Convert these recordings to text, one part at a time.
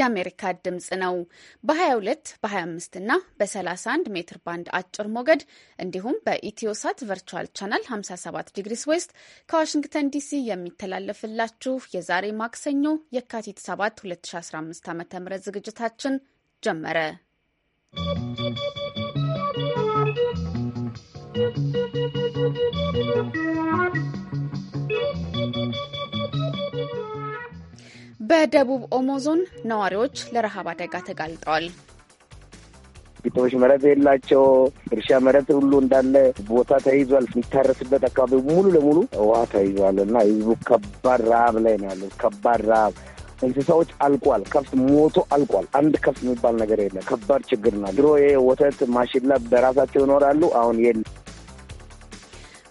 የአሜሪካ ድምፅ ነው። በ22 በ25 እና በ31 ሜትር ባንድ አጭር ሞገድ እንዲሁም በኢትዮሳት ቨርቹዋል ቻናል 57 ዲግሪስ ዌስት ከዋሽንግተን ዲሲ የሚተላለፍላችሁ የዛሬ ማክሰኞ የካቲት 7 2015 ዓ ም ዝግጅታችን ጀመረ። በደቡብ ኦሞ ዞን ነዋሪዎች ለረሃብ አደጋ ተጋልጠዋል። ግጦሽ መሬት የላቸው እርሻ መሬት ሁሉ እንዳለ ቦታ ተይዟል። የሚታረስበት አካባቢ ሙሉ ለሙሉ ውሃ ተይዟል እና ህዝቡ ከባድ ረሃብ ላይ ነው ያለው። ከባድ ረሃብ እንስሳዎች አልቋል። ከብት ሞቶ አልቋል። አንድ ከብት የሚባል ነገር የለ። ከባድ ችግር ነው። ድሮ ይሄ ወተት ማሽላ በራሳቸው ይኖራሉ። አሁን የለም።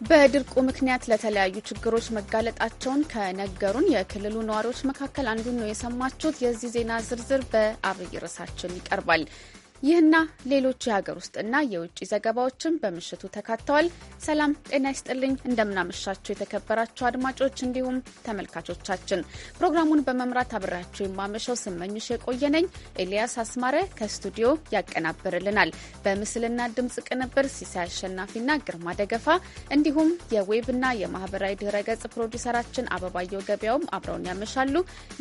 በድርቁ ምክንያት ለተለያዩ ችግሮች መጋለጣቸውን ከነገሩን የክልሉ ነዋሪዎች መካከል አንዱን ነው የሰማችሁት። የዚህ ዜና ዝርዝር በአብይ ርዕሳችን ይቀርባል። ይህና ሌሎች የሀገር ውስጥና የውጭ ዘገባዎችን በምሽቱ ተካተዋል። ሰላም ጤና ይስጥልኝ። እንደምናመሻቸው የተከበራቸው አድማጮች እንዲሁም ተመልካቾቻችን ፕሮግራሙን በመምራት አብራቸው የማመሸው ስመኝሽ የቆየነኝ። ኤልያስ አስማረ ከስቱዲዮ ያቀናብርልናል። በምስልና ድምፅ ቅንብር ሲሳይ አሸናፊና ግርማ ደገፋ እንዲሁም የዌብና የማህበራዊ ገጽ ፕሮዲሰራችን አበባየው ገበያውም አብረውን ያመሻሉ።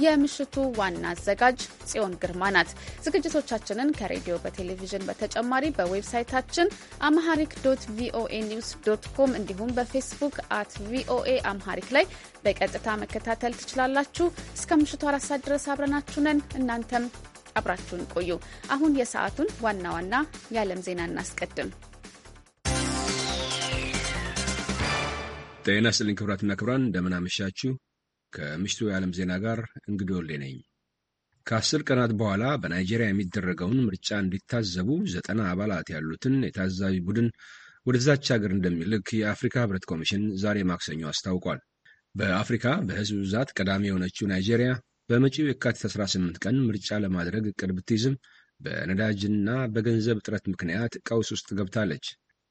የምሽቱ ዋና አዘጋጅ ጽዮን ግርማ ናት። ዝግጅቶቻችንን ከሬዲዮ በቴሌቪዥን በተጨማሪ በዌብሳይታችን አምሃሪክ ዶት ቪኦኤ ኒውስ ዶት ኮም እንዲሁም በፌስቡክ አት ቪኦኤ አምሃሪክ ላይ በቀጥታ መከታተል ትችላላችሁ። እስከ ምሽቱ አራት ሰዓት ድረስ አብረናችሁ ነን። እናንተም አብራችሁን ቆዩ። አሁን የሰዓቱን ዋና ዋና የዓለም ዜና እናስቀድም። ጤና ይስጥልኝ ክብራትና ክብራን እንደምን አመሻችሁ። ከምሽቱ የዓለም ዜና ጋር እንግዶ ወልዴ ነኝ። ከአስር ቀናት በኋላ በናይጄሪያ የሚደረገውን ምርጫ እንዲታዘቡ ዘጠና አባላት ያሉትን የታዛቢ ቡድን ወደዛች ሀገር እንደሚልክ የአፍሪካ ህብረት ኮሚሽን ዛሬ ማክሰኞ አስታውቋል። በአፍሪካ በህዝብ ብዛት ቀዳሚ የሆነችው ናይጄሪያ በመጪው የካቲት 18 ቀን ምርጫ ለማድረግ እቅድ ብትይዝም በነዳጅና በገንዘብ እጥረት ምክንያት ቀውስ ውስጥ ገብታለች።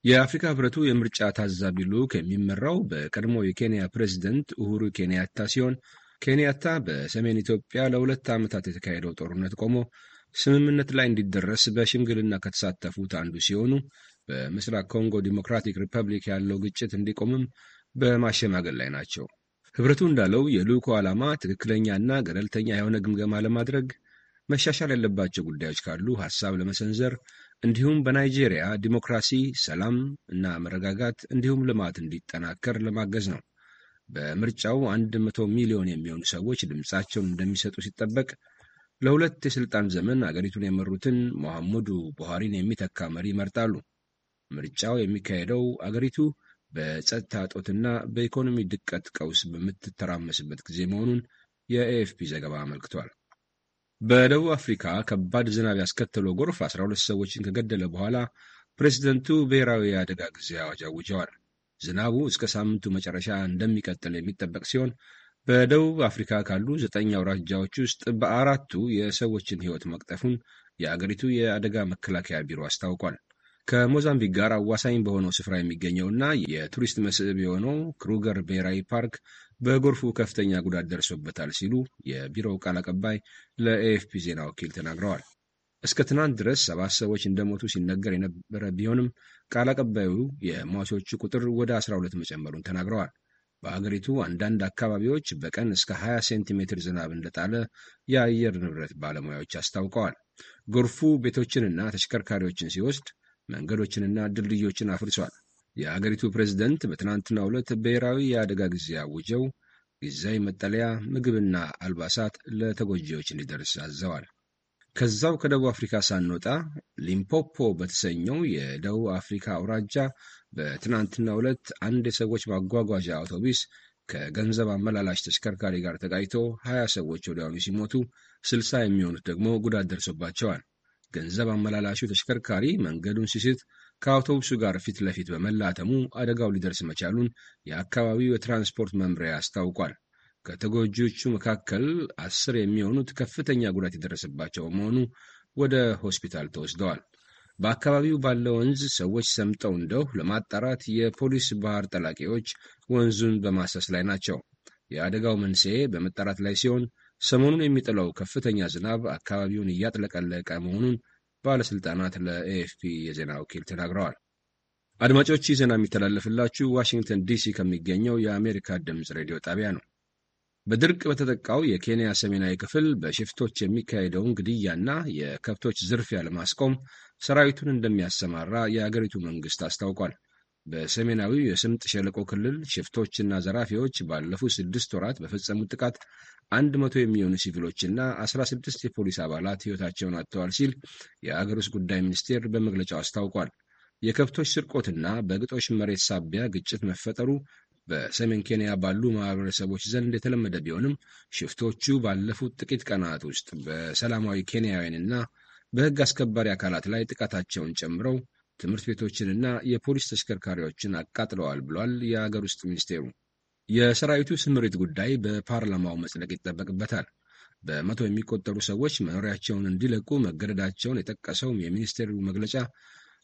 የአፍሪካ ህብረቱ የምርጫ ታዛቢ ልዑክ የሚመራው በቀድሞ የኬንያ ፕሬዚደንት ኡሁሩ ኬንያታ ሲሆን ኬንያታ በሰሜን ኢትዮጵያ ለሁለት ዓመታት የተካሄደው ጦርነት ቆሞ ስምምነት ላይ እንዲደረስ በሽምግልና ከተሳተፉት አንዱ ሲሆኑ በምስራቅ ኮንጎ ዲሞክራቲክ ሪፐብሊክ ያለው ግጭት እንዲቆምም በማሸማገል ላይ ናቸው። ህብረቱ እንዳለው የልዑኩ ዓላማ ትክክለኛና ገለልተኛ የሆነ ግምገማ ለማድረግ መሻሻል ያለባቸው ጉዳዮች ካሉ ሐሳብ ለመሰንዘር እንዲሁም በናይጄሪያ ዲሞክራሲ፣ ሰላም እና መረጋጋት እንዲሁም ልማት እንዲጠናከር ለማገዝ ነው። በምርጫው 100 ሚሊዮን የሚሆኑ ሰዎች ድምፃቸውን እንደሚሰጡ ሲጠበቅ ለሁለት የሥልጣን ዘመን አገሪቱን የመሩትን ሞሐመዱ ቡሃሪን የሚተካ መሪ ይመርጣሉ። ምርጫው የሚካሄደው አገሪቱ በጸጥታ እጦትና በኢኮኖሚ ድቀት ቀውስ በምትተራመስበት ጊዜ መሆኑን የኤኤፍፒ ዘገባ አመልክቷል። በደቡብ አፍሪካ ከባድ ዝናብ ያስከተለው ጎርፍ 12 ሰዎችን ከገደለ በኋላ ፕሬዚደንቱ ብሔራዊ የአደጋ ጊዜ አዋጅ አውጀዋል። ዝናቡ እስከ ሳምንቱ መጨረሻ እንደሚቀጥል የሚጠበቅ ሲሆን በደቡብ አፍሪካ ካሉ ዘጠኝ አውራጃዎች ውስጥ በአራቱ የሰዎችን ሕይወት መቅጠፉን የአገሪቱ የአደጋ መከላከያ ቢሮ አስታውቋል። ከሞዛምቢክ ጋር አዋሳኝ በሆነው ስፍራ የሚገኘውና የቱሪስት መስህብ የሆነው ክሩገር ብሔራዊ ፓርክ በጎርፉ ከፍተኛ ጉዳት ደርሶበታል ሲሉ የቢሮው ቃል አቀባይ ለኤኤፍፒ ዜና ወኪል ተናግረዋል። እስከ ትናንት ድረስ ሰባት ሰዎች እንደሞቱ ሲነገር የነበረ ቢሆንም ቃል አቀባዩ የሟቾቹ ቁጥር ወደ 12 መጨመሩን ተናግረዋል። በአገሪቱ አንዳንድ አካባቢዎች በቀን እስከ 20 ሴንቲሜትር ዝናብ እንደጣለ የአየር ንብረት ባለሙያዎች አስታውቀዋል። ጎርፉ ቤቶችንና ተሽከርካሪዎችን ሲወስድ መንገዶችንና ድልድዮችን አፍርሷል። የአገሪቱ ፕሬዝደንት በትናንትናው ዕለት ብሔራዊ የአደጋ ጊዜ አውጀው ጊዜያዊ መጠለያ፣ ምግብና አልባሳት ለተጎጂዎች እንዲደርስ አዘዋል። ከዛው ከደቡብ አፍሪካ ሳንወጣ ሊምፖፖ በተሰኘው የደቡብ አፍሪካ አውራጃ በትናንትና ሁለት አንድ የሰዎች ማጓጓዣ አውቶቡስ ከገንዘብ አመላላሽ ተሽከርካሪ ጋር ተጋጭቶ 20 ሰዎች ወዲያውኑ ሲሞቱ ስልሳ የሚሆኑት ደግሞ ጉዳት ደርሶባቸዋል። ገንዘብ አመላላሹ ተሽከርካሪ መንገዱን ሲስት ከአውቶቡሱ ጋር ፊት ለፊት በመላተሙ አደጋው ሊደርስ መቻሉን የአካባቢው የትራንስፖርት መምሪያ አስታውቋል። ከተጎጂዎቹ መካከል አስር የሚሆኑት ከፍተኛ ጉዳት የደረሰባቸው መሆኑ ወደ ሆስፒታል ተወስደዋል። በአካባቢው ባለ ወንዝ ሰዎች ሰምጠው እንደው ለማጣራት የፖሊስ ባህር ጠላቂዎች ወንዙን በማሰስ ላይ ናቸው። የአደጋው መንስኤ በመጣራት ላይ ሲሆን ሰሞኑን የሚጥለው ከፍተኛ ዝናብ አካባቢውን እያጥለቀለቀ መሆኑን ባለሥልጣናት ለኤኤፍፒ የዜና ወኪል ተናግረዋል። አድማጮች፣ ዜና የሚተላለፍላችሁ ዋሽንግተን ዲሲ ከሚገኘው የአሜሪካ ድምፅ ሬዲዮ ጣቢያ ነው። በድርቅ በተጠቃው የኬንያ ሰሜናዊ ክፍል በሽፍቶች የሚካሄደውን ግድያና የከብቶች ዝርፊያ ለማስቆም ሰራዊቱን እንደሚያሰማራ የአገሪቱ መንግስት አስታውቋል። በሰሜናዊው የስምጥ ሸለቆ ክልል ሽፍቶችና ዘራፊዎች ባለፉት ስድስት ወራት በፈጸሙት ጥቃት አንድ መቶ የሚሆኑ ሲቪሎችና ስድስት የፖሊስ አባላት ሕይወታቸውን አጥተዋል ሲል የአገር ውስጥ ጉዳይ ሚኒስቴር በመግለጫው አስታውቋል። የከብቶች ስርቆትና በግጦሽ መሬት ሳቢያ ግጭት መፈጠሩ በሰሜን ኬንያ ባሉ ማህበረሰቦች ዘንድ የተለመደ ቢሆንም ሽፍቶቹ ባለፉት ጥቂት ቀናት ውስጥ በሰላማዊ ኬንያውያንና በሕግ አስከባሪ አካላት ላይ ጥቃታቸውን ጨምረው ትምህርት ቤቶችንና የፖሊስ ተሽከርካሪዎችን አቃጥለዋል ብሏል የአገር ውስጥ ሚኒስቴሩ። የሰራዊቱ ስምሪት ጉዳይ በፓርላማው መጽደቅ ይጠበቅበታል። በመቶ የሚቆጠሩ ሰዎች መኖሪያቸውን እንዲለቁ መገደዳቸውን የጠቀሰው የሚኒስቴሩ መግለጫ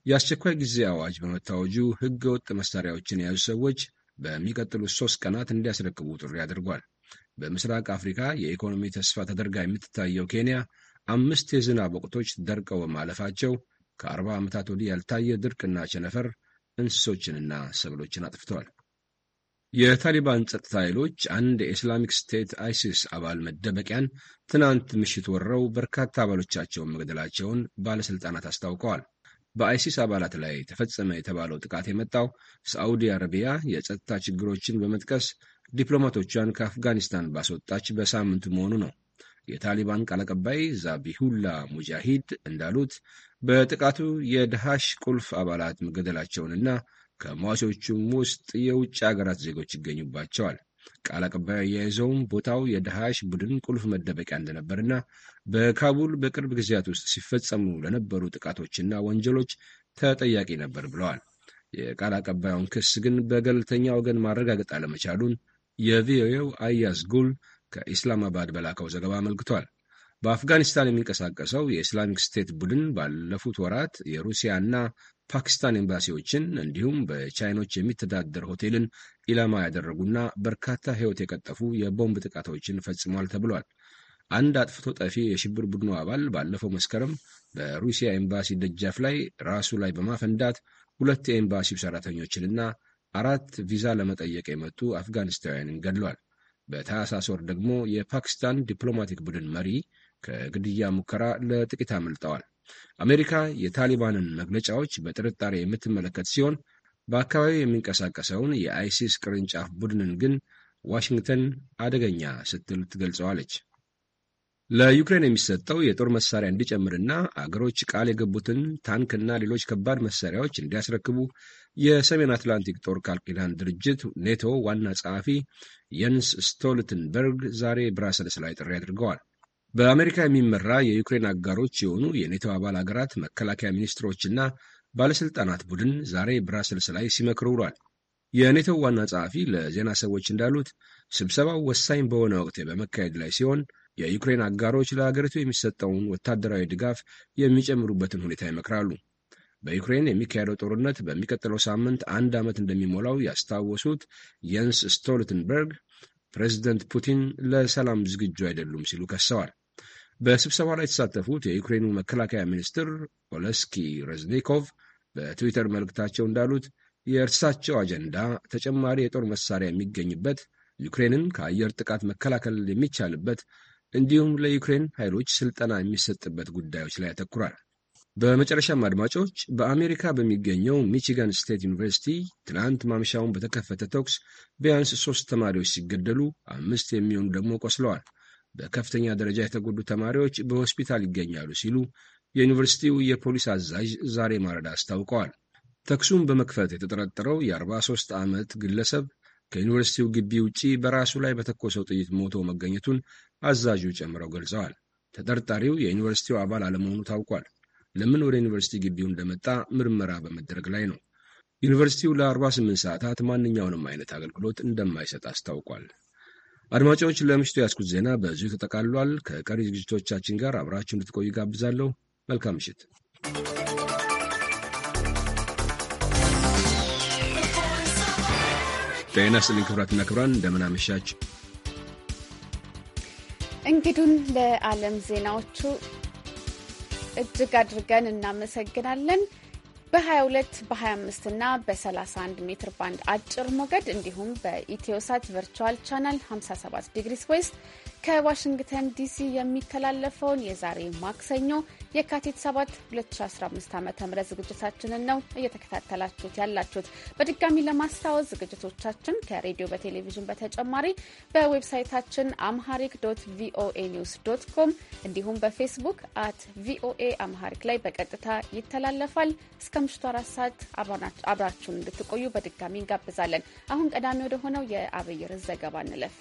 የአስቸኳይ ጊዜ አዋጅ በመታወጁ ሕገ ወጥ መሳሪያዎችን የያዙ ሰዎች በሚቀጥሉት ሶስት ቀናት እንዲያስረክቡ ጥሪ አድርጓል። በምስራቅ አፍሪካ የኢኮኖሚ ተስፋ ተደርጋ የምትታየው ኬንያ አምስት የዝናብ ወቅቶች ደርቀው በማለፋቸው ከ40 ዓመታት ወዲህ ያልታየ ድርቅና ቸነፈር እንስሶችንና ሰብሎችን አጥፍተዋል። የታሊባን ጸጥታ ኃይሎች አንድ የኢስላሚክ ስቴት አይሲስ አባል መደበቂያን ትናንት ምሽት ወርረው በርካታ አባሎቻቸውን መግደላቸውን ባለሥልጣናት አስታውቀዋል። በአይሲስ አባላት ላይ ተፈጸመ የተባለው ጥቃት የመጣው ሳዑዲ አረቢያ የጸጥታ ችግሮችን በመጥቀስ ዲፕሎማቶቿን ከአፍጋኒስታን ባስወጣች በሳምንቱ መሆኑ ነው። የታሊባን ቃል አቀባይ ዛቢሁላ ሙጃሂድ እንዳሉት በጥቃቱ የድሃሽ ቁልፍ አባላት መገደላቸውንና ከሟቾቹም ውስጥ የውጭ አገራት ዜጎች ይገኙባቸዋል። ቃል አቀባዩ አያይዘውም ቦታው የድሃሽ ቡድን ቁልፍ መደበቂያ እንደነበርና በካቡል በቅርብ ጊዜያት ውስጥ ሲፈጸሙ ለነበሩ ጥቃቶችና ወንጀሎች ተጠያቂ ነበር ብለዋል። የቃል አቀባዩን ክስ ግን በገለልተኛ ወገን ማረጋገጥ አለመቻሉን የቪኦኤው አያዝ ጉል ከኢስላማባድ በላከው ዘገባ አመልክቷል። በአፍጋኒስታን የሚንቀሳቀሰው የኢስላሚክ ስቴት ቡድን ባለፉት ወራት የሩሲያና ፓኪስታን ኤምባሲዎችን እንዲሁም በቻይኖች የሚተዳደር ሆቴልን ኢላማ ያደረጉና በርካታ ሕይወት የቀጠፉ የቦምብ ጥቃቶችን ፈጽሟል ተብሏል። አንድ አጥፍቶ ጠፊ የሽብር ቡድኑ አባል ባለፈው መስከረም በሩሲያ ኤምባሲ ደጃፍ ላይ ራሱ ላይ በማፈንዳት ሁለት የኤምባሲው ሰራተኞችንና አራት ቪዛ ለመጠየቅ የመጡ አፍጋኒስታውያንን ገድሏል። በታህሳስ ወር ደግሞ የፓኪስታን ዲፕሎማቲክ ቡድን መሪ ከግድያ ሙከራ ለጥቂት አመልጠዋል። አሜሪካ የታሊባንን መግለጫዎች በጥርጣሬ የምትመለከት ሲሆን በአካባቢው የሚንቀሳቀሰውን የአይሲስ ቅርንጫፍ ቡድንን ግን ዋሽንግተን አደገኛ ስትል ትገልጸዋለች። ለዩክሬን የሚሰጠው የጦር መሳሪያ እንዲጨምርና አገሮች ቃል የገቡትን ታንክና ሌሎች ከባድ መሳሪያዎች እንዲያስረክቡ የሰሜን አትላንቲክ ጦር ቃል ኪዳን ድርጅት ኔቶ ዋና ጸሐፊ የንስ ስቶልትንበርግ ዛሬ ብራሰልስ ላይ ጥሪ አድርገዋል። በአሜሪካ የሚመራ የዩክሬን አጋሮች የሆኑ የኔቶ አባል አገራት መከላከያ ሚኒስትሮችና ባለሥልጣናት ቡድን ዛሬ ብራሰልስ ላይ ሲመክሩ ውሏል። የኔቶ ዋና ጸሐፊ ለዜና ሰዎች እንዳሉት ስብሰባው ወሳኝ በሆነ ወቅት በመካሄድ ላይ ሲሆን የዩክሬን አጋሮች ለሀገሪቱ የሚሰጠውን ወታደራዊ ድጋፍ የሚጨምሩበትን ሁኔታ ይመክራሉ። በዩክሬን የሚካሄደው ጦርነት በሚቀጥለው ሳምንት አንድ ዓመት እንደሚሞላው ያስታወሱት የንስ ስቶልትንበርግ ፕሬዚደንት ፑቲን ለሰላም ዝግጁ አይደሉም ሲሉ ከሰዋል። በስብሰባ ላይ የተሳተፉት የዩክሬኑ መከላከያ ሚኒስትር ኦለስኪ ረዝኒኮቭ በትዊተር መልእክታቸው እንዳሉት የእርሳቸው አጀንዳ ተጨማሪ የጦር መሳሪያ የሚገኝበት ዩክሬንን ከአየር ጥቃት መከላከል የሚቻልበት እንዲሁም ለዩክሬን ኃይሎች ስልጠና የሚሰጥበት ጉዳዮች ላይ ያተኩራል። በመጨረሻም አድማጮች በአሜሪካ በሚገኘው ሚቺጋን ስቴት ዩኒቨርሲቲ ትናንት ማምሻውን በተከፈተ ተኩስ ቢያንስ ሶስት ተማሪዎች ሲገደሉ አምስት የሚሆኑ ደግሞ ቆስለዋል። በከፍተኛ ደረጃ የተጎዱ ተማሪዎች በሆስፒታል ይገኛሉ ሲሉ የዩኒቨርሲቲው የፖሊስ አዛዥ ዛሬ ማረዳ አስታውቀዋል። ተኩሱም በመክፈት የተጠረጠረው የ43 ዓመት ግለሰብ ከዩኒቨርሲቲው ግቢ ውጪ በራሱ ላይ በተኮሰው ጥይት ሞቶ መገኘቱን አዛዡ ጨምረው ገልጸዋል። ተጠርጣሪው የዩኒቨርሲቲው አባል አለመሆኑ ታውቋል። ለምን ወደ ዩኒቨርሲቲ ግቢው እንደመጣ ምርመራ በመደረግ ላይ ነው። ዩኒቨርሲቲው ለ48 ሰዓታት ማንኛውንም አይነት አገልግሎት እንደማይሰጥ አስታውቋል። አድማጮች፣ ለምሽቱ ያስኩት ዜና በዚሁ ተጠቃልሏል። ከቀሪ ዝግጅቶቻችን ጋር አብራችሁ እንድትቆዩ ጋብዛለሁ። መልካም ምሽት። ጤና ይስጥልኝ ክቡራትና ክቡራን፣ እንደምን አመሻችሁ። እንግዱን ለዓለም ዜናዎቹ እጅግ አድርገን እናመሰግናለን። በ22 በ25 እና በ31 ሜትር ባንድ አጭር ሞገድ እንዲሁም በኢትዮሳት ቨርቹዋል ቻናል 57 ዲግሪስ ዌስት ከዋሽንግተን ዲሲ የሚተላለፈውን የዛሬ ማክሰኞ የካቲት 7 2015 ዓ ም ዝግጅታችንን ነው እየተከታተላችሁት ያላችሁት። በድጋሚ ለማስታወስ ዝግጅቶቻችን ከሬዲዮ በቴሌቪዥን በተጨማሪ በዌብሳይታችን አምሃሪክ ዶት ቪኦኤ ኒውስ ዶት ኮም እንዲሁም በፌስቡክ አት ቪኦኤ አምሃሪክ ላይ በቀጥታ ይተላለፋል። እስከ ምሽቱ አራት ሰዓት አብራችሁን እንድትቆዩ በድጋሚ እንጋብዛለን። አሁን ቀዳሚ ወደሆነው የአብይር ዘገባ እንለፍ።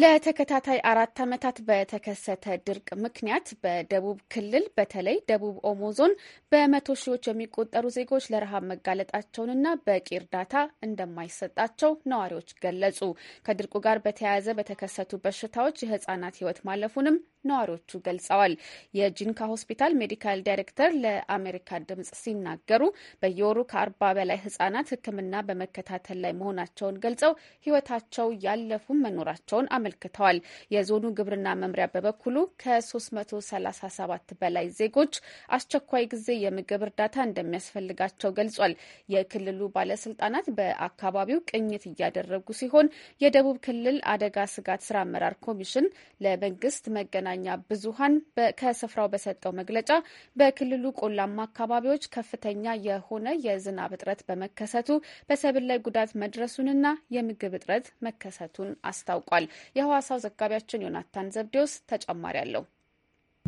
ለተከታታይ አራት ዓመታት በተከሰተ ድርቅ ምክንያት በደቡብ ክልል በተለይ ደቡብ ኦሞ ዞን በመቶ ሺዎች የሚቆጠሩ ዜጎች ለረሃብ መጋለጣቸውንና በቂ እርዳታ እንደማይሰጣቸው ነዋሪዎች ገለጹ። ከድርቁ ጋር በተያያዘ በተከሰቱ በሽታዎች የህጻናት ህይወት ማለፉንም ነዋሪዎቹ ገልጸዋል። የጂንካ ሆስፒታል ሜዲካል ዳይሬክተር ለአሜሪካ ድምጽ ሲናገሩ በየወሩ ከአርባ በላይ ህጻናት ህክምና በመከታተል ላይ መሆናቸውን ገልጸው ህይወታቸው ያለፉ መኖራቸውን አመልክተዋል። የዞኑ ግብርና መምሪያ በበኩሉ ከ337 በላይ ዜጎች አስቸኳይ ጊዜ የምግብ እርዳታ እንደሚያስፈልጋቸው ገልጿል። የክልሉ ባለስልጣናት በአካባቢው ቅኝት እያደረጉ ሲሆን የደቡብ ክልል አደጋ ስጋት ስራ አመራር ኮሚሽን ለመንግስት መገናኛ ብዙሃን ከስፍራው በሰጠው መግለጫ በክልሉ ቆላማ አካባቢዎች ከፍተኛ የሆነ የዝናብ እጥረት በመከሰቱ በሰብል ላይ ጉዳት መድረሱንና የምግብ እጥረት መከሰቱን አስታውቋል። የሐዋሳው ዘጋቢያችን ዮናታን ዘብዴዎስ ተጨማሪ አለው።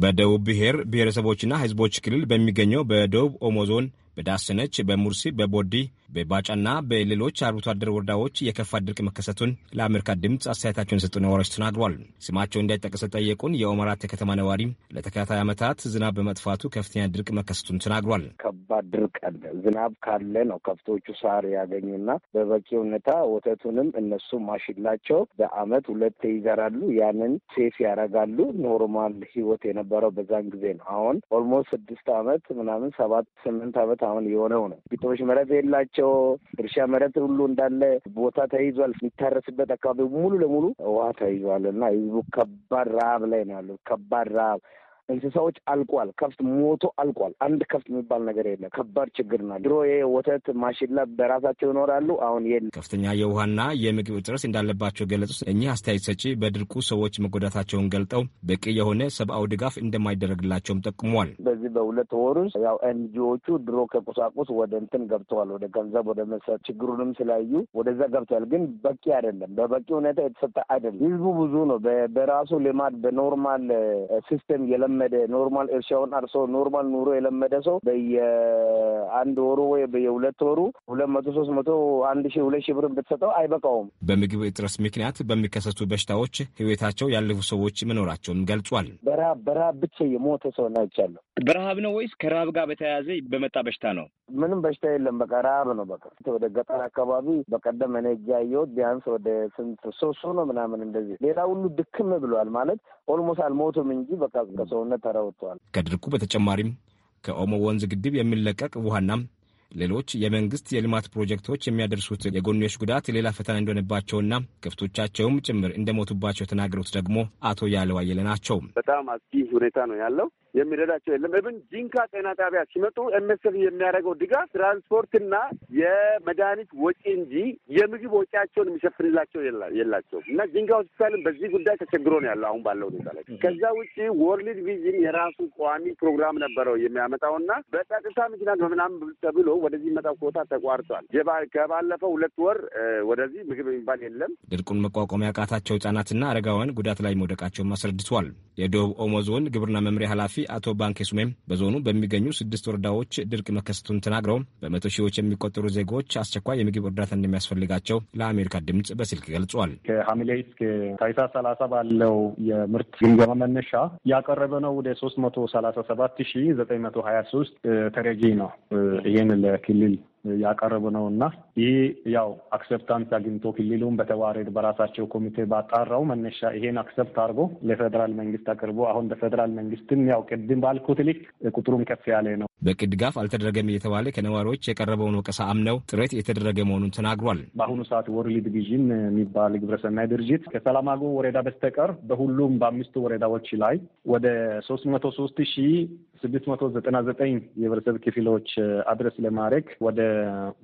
በደቡብ ብሔር ብሔረሰቦችና ሕዝቦች ክልል በሚገኘው በደቡብ ኦሞ ዞን በዳሰነች፣ በሙርሲ፣ በቦዲ፣ በባጫና በሌሎች አርብቶ አደር ወረዳዎች የከፋ ድርቅ መከሰቱን ለአሜሪካ ድምፅ አስተያየታቸውን የሰጡ ነዋሪዎች ተናግሯል። ስማቸው እንዳይጠቀሰ ጠየቁን የኦመራት የከተማ ነዋሪ ለተከታታይ ዓመታት ዝናብ በመጥፋቱ ከፍተኛ ድርቅ መከሰቱን ተናግሯል። ከባድ ድርቅ አለ። ዝናብ ካለ ነው ከብቶቹ ሳር ያገኙና በበቂ ሁኔታ ወተቱንም እነሱ ማሽላቸው በአመት ሁለት ይዘራሉ። ያንን ሴፍ ያደርጋሉ። ኖርማል ህይወት የነበረው በዛን ጊዜ ነው። አሁን ኦልሞስት ስድስት አመት ምናምን ሰባት ስምንት አመት እውነት አሁን የሆነው ነው። ግጦሽ መሬት የላቸው እርሻ መሬት ሁሉ እንዳለ ቦታ ተይዟል። የሚታረስበት አካባቢ ሙሉ ለሙሉ ውሃ ተይዟል እና ህዝቡ ከባድ ረሀብ ላይ ነው ያለው። ከባድ ረሀብ እንስሳዎች አልቋል። ከብት ሞቶ አልቋል። አንድ ከብት የሚባል ነገር የለም። ከባድ ችግር ነው። ድሮ የወተት ማሽላ በራሳቸው ይኖራሉ፣ አሁን የለም። ከፍተኛ የውሃና የምግብ እጥረት እንዳለባቸው ገለጹት። እኚህ አስተያየት ሰጪ በድርቁ ሰዎች መጎዳታቸውን ገልጠው በቂ የሆነ ሰብአዊ ድጋፍ እንደማይደረግላቸውም ጠቁሟል። በዚህ በሁለት ወር ውስጥ ያው ኤንጂዎቹ ድሮ ከቁሳቁስ ወደ እንትን ገብተዋል፣ ወደ ገንዘብ ወደ መሰት ችግሩንም ስላዩ ወደዛ ገብተዋል። ግን በቂ አይደለም፣ በበቂ ሁኔታ የተሰጠ አይደለም። ህዝቡ ብዙ ነው። በራሱ ልማድ በኖርማል ሲስተም የለም የለመደ ኖርማል እርሻውን አርሶ ኖርማል ኑሮ የለመደ ሰው በየአንድ ወሩ ወይ በየሁለት ወሩ ሁለት መቶ ሶስት መቶ አንድ ሺ ሁለት ሺ ብር ብትሰጠው አይበቃውም። በምግብ እጥረት ምክንያት በሚከሰቱ በሽታዎች ህይወታቸው ያለፉ ሰዎች መኖራቸውን ገልጿል። በረሃብ በረሃብ ብቻ የሞተ ሰው ናይቻለሁ። በረሃብ ነው ወይስ ከረሃብ ጋር በተያያዘ በመጣ በሽታ ነው? ምንም በሽታ የለም። በቃ ረሃብ ነው። በቃ ወደ ገጠር አካባቢ በቀደም እኔ እያየሁት ቢያንስ ወደ ስንት ሶስት ነው ምናምን እንደዚህ ሌላ ሁሉ ድክም ብሏል ማለት ኦልሞስት አልሞቱም እንጂ በቃ ከሰውነት ተረውተዋል። ከድርቁ በተጨማሪም ከኦሞ ወንዝ ግድብ የሚለቀቅ ውሃና ሌሎች የመንግስት የልማት ፕሮጀክቶች የሚያደርሱት የጎንዮሽ ጉዳት ሌላ ፈተና እንደሆነባቸውና ከብቶቻቸውም ጭምር እንደሞቱባቸው የተናገሩት ደግሞ አቶ ያለው አየለ ናቸው። በጣም አስጊ ሁኔታ ነው ያለው። የሚረዳቸው የለም። እብን ጂንካ ጤና ጣቢያ ሲመጡ ኤምኤስኤፍ የሚያደርገው ድጋፍ ትራንስፖርትና የመድኃኒት ወጪ እንጂ የምግብ ወጪያቸውን የሚሸፍንላቸው የላቸው እና ጂንካ ሆስፒታልን በዚህ ጉዳይ ተቸግሮ ነው ያለው አሁን ባለው ሁኔታ ላይ። ከዛ ውጭ ወርልድ ቪዥን የራሱ ቋሚ ፕሮግራም ነበረው የሚያመጣውና በጸጥታ ምክንያት በምናምን ተብሎ ወደዚህ መጣው ኮታ ተቋርጧል። ከባለፈው ሁለት ወር ወደዚህ ምግብ የሚባል የለም። ድርቁን መቋቋም ያቃታቸው ህጻናትና አረጋውያን ጉዳት ላይ መውደቃቸውን አስረድቷል። የደቡብ ኦሞ ዞን ግብርና መምሪያ ኃላፊ አቶ ሱሜ በዞኑ በሚገኙ ስድስት ወረዳዎች ድርቅ መከሰቱን ተናግረው በመቶ ሺዎች የሚቆጠሩ ዜጎች አስቸኳይ የምግብ እርዳታ እንደሚያስፈልጋቸው ለአሜሪካ ድምፅ በስልክ ገልጿል። ከሐምሌ እስከ ታህሳስ ሰላሳ ባለው የምርት ግምገማ መነሻ ያቀረበ ነው ወደ ሶስት መቶ ሰላሳ ሰባት ሺ ዘጠኝ መቶ ሀያ ሶስት ተረጂ ነው። ይህን ለክልል ያቀረቡ ነው እና ይህ ያው አክሰፕታንስ አግኝቶ ክልሉም በተዋረድ በራሳቸው ኮሚቴ ባጣራው መነሻ ይሄን አክሰፕት አድርጎ ለፌዴራል መንግስት አቅርቦ አሁን በፌዴራል መንግስትም ያው ቅድም ባልኩት ልክ ቁጥሩም ከፍ ያለ ነው በቂ ድጋፍ አልተደረገም እየተባለ ከነዋሪዎች የቀረበውን ወቀሳ አምነው ጥረት የተደረገ መሆኑን ተናግሯል። በአሁኑ ሰዓት ወርሊ ዲቪዥን የሚባል ግብረሰናይ ድርጅት ከሰላማጎ ወረዳ በስተቀር በሁሉም በአምስቱ ወረዳዎች ላይ ወደ ሶስት መቶ ሶስት ሺ ስድስት መቶ ዘጠና ዘጠኝ የህብረተሰብ ክፍሎች አድረስ ለማድረግ ወደ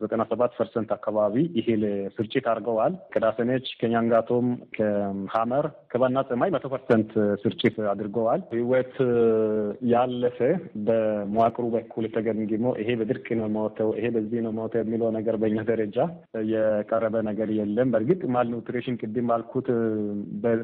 ዘጠና ሰባት ፐርሰንት አካባቢ ይሄል ስርጭት አድርገዋል። ከዳሰነች፣ ከኛንጋቶም፣ ከሀመር፣ ከባና ጸማይ መቶ ፐርሰንት ስርጭት አድርገዋል። ህይወት ያለፈ በመዋቅሩ በኩል ተገምግሞ ይሄ በድርቅ ነው ሞተው፣ ይሄ በዚህ ነው ሞተው የሚለው ነገር በእኛ ደረጃ የቀረበ ነገር የለም። በእርግጥ ማልኑትሪሽን ቅድም አልኩት